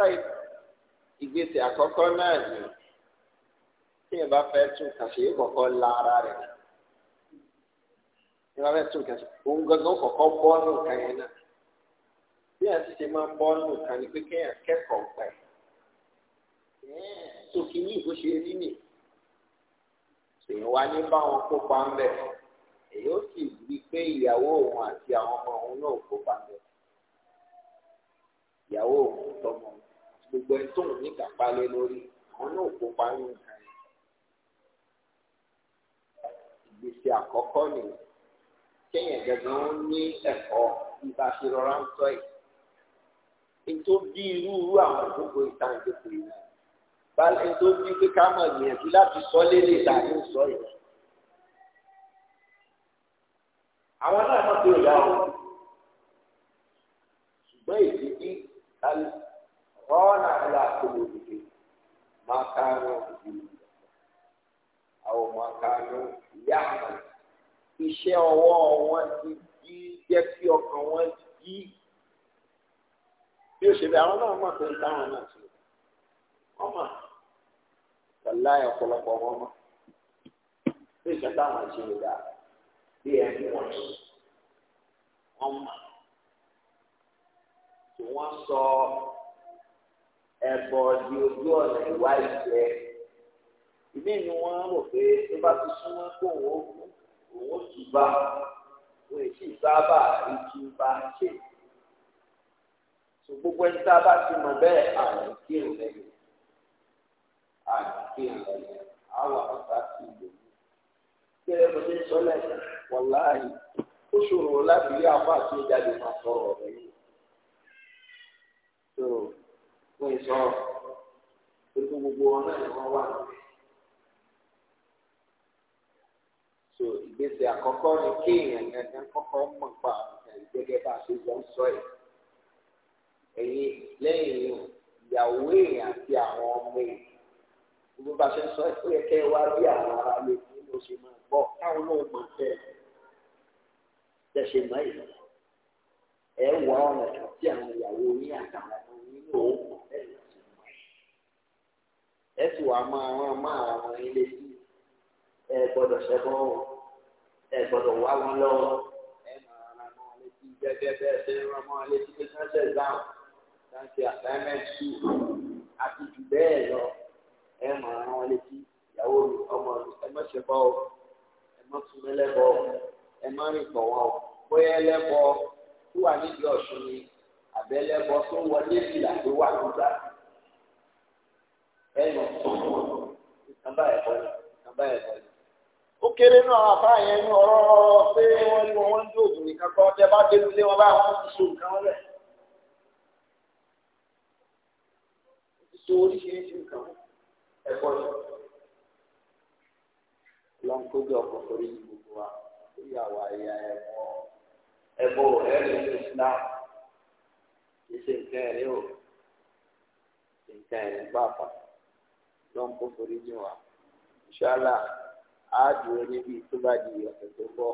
báyìí ìgbésẹ̀ àkọ́kọ́ náà ni tí yẹn bá fẹ́ tún kàṣe yóò kọ́kọ́ la ara rẹ̀ náà yẹn bá fẹ́ tún kàṣe òun gangan kọ́kọ́ bọ́ nǹkan yẹn náà bí a ti ṣe máa ń bọ́ nǹkan ni pé kéèyàn kẹ́kọ̀ọ́ pẹ̀ tó kí ní ìbò ṣe rí nì èèyàn wá ní báwọn kópa ń bẹ̀ èyí ó sì rí i pé ìyàwó òun àti àwọn ọmọ òun náà kópa ń bẹ̀ ìyàwó òun tọmọ òun gbogbo ẹni tó ń ní kápá lé lórí àwọn náà kópa ní nǹkan yẹn ìgbésí àkọ́kọ́ nìyẹn kéèyàn gẹ́gẹ́ wọn ní ẹ̀kọ́ ìbáṣerọra ń tọ́ ẹ̀ ètò bí irú irú àwọn àkókò ìtàǹdè kò yẹ balẹ̀ ètò bí pé ká mọ̀ gbìyànjú láti sọ lélẹ̀ ìlànà ìsọ yìí àwọn náà mọ̀ pé ìyá ṣùgbọ́n èdè bí قلوبهم ما makanu أو ما كانوا يعملون iṣẹ́ ọwọ́ wọn ti dí jẹ́ kí ọkàn wọn dí bí ó ṣe bẹ́ẹ̀ àwọn náà mọ̀ pé táwọn náà ṣe wọ́n mọ̀ pẹ̀láyà ọ̀pọ̀lọpọ̀ wọn mọ̀ bí ìṣẹ́ táwọn ṣe lè dá bí ẹni wọ́n ṣe wọ́n mọ̀ tí wọ́n sọ ẹ̀bọ̀ di ojú ọ̀nà ìwà ìjẹ́ ìdí inú wọn rò pé tó bá ti súnmọ́ kó òun ó òun ó tù bá òun èsì sábà ìtù bá ṣe tó gbogbo ẹni tá a bá ti mọ̀ bẹ́ẹ̀ àrùn kírun lẹ́yìn àrùn kírun lẹ́yìn àwọn àgbà ti lò ó kéré mo ti ń sọ lẹ́yìn wọláhì ó ṣòro láti rí àwọn àti ìjáde máa sọ̀rọ̀ ọ̀rọ̀ yìí fún ìsọ̀rọ̀ gbogbo gbogbo wọn náà ni wọ́n wà níbẹ̀. so ìgbésẹ̀ àkọ́kọ́ ni kéèyàn gangan kọ́kọ́ mọ̀ pa àwọn gẹ́gẹ́ bá a ṣe jọ ń sọ ẹ̀. ẹ̀yin lẹ́yìn ìyàwó èèyàn àti àwọn ọmọ èèyàn gbogbo bá a ṣe ń sọ ẹ̀ ó yẹ kẹ́ ẹ wá bí àwọn ará lè fún ní oṣù máa gbọ́ káwọn náà mọ̀ tẹ́ ẹ̀ tẹ́ ṣe mọ́ wọ ọ̀nà tí àwọn ìyàwó yín àtàwọn ọmọ yín lò ó ẹ sì wà máa wọn máa àwọn ilé sí ẹ gbọ́dọ̀ ṣẹbọ ẹ gbọ́dọ̀ wá wọn lọ́wọ́ ẹ máa ra wọn létí gẹ́gẹ́ bẹ́ẹ̀ ṣe ń rán wọn létí pé sáńṣẹ ìdáhùn sáńṣẹ assignment two àti jù bẹ́ẹ̀ lọ ẹ máa ra wọn létí ìyàwó mi ọmọ mi ẹ má ṣẹbọ ẹ má tún mẹlẹbọ ẹ má rìn pọ̀ wọn bóyá ẹlẹ́bọ tó wà nídìí ọ̀ṣun ni àbẹ́lẹ́bọ tó wọlé ìlà tó wà nígbà ẹ̀yìn nǹkan báyìí bọ́ nǹkan ó kéré nù àwọn yẹn nù ọ̀rọ̀ pé wọ́n ní wọ́n ń dún òògùn nìkan kọ́ tẹ́ bá dénú lé wọn bá wọn ti nǹkan rẹ̀ ti oríṣiríṣi nǹkan ẹ̀kọ́ yìí kó bí ọkọ̀ gbogbo wa lórí àwa ẹ̀yà nǹkan ẹ̀rí o nǹkan ẹ̀rí lọ́n kó forí jìn wá ṣálà á dúró níbi tó bá di ọ̀sẹ̀ tó bọ̀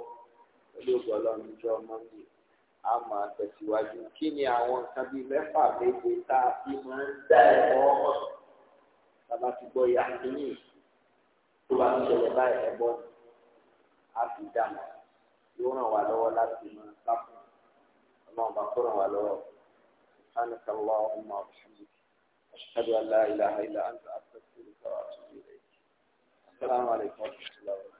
pẹ̀lú ọgọ́lọ́run níjọ́ mọ́ndé a máa tẹ̀síwájú kí ni àwọn nǹkan bíi mẹ́fà méje tá a fi máa ń dá ẹ̀kọ́ ọmọ bàbá ti gbọ́ ìyá kínní tó bá ń ṣẹlẹ̀ báyìí ẹ̀bọ́ a fi dà mọ́ yóò ràn wá lọ́wọ́ láti máa sáfún ọlọ́run bá kó ràn wá lọ́wọ́. سبحانك اللهم وبحمدك أشهد أن لا إله إلا أنت وأتوب إليك السلام عليكم ورحمة الله وبركاته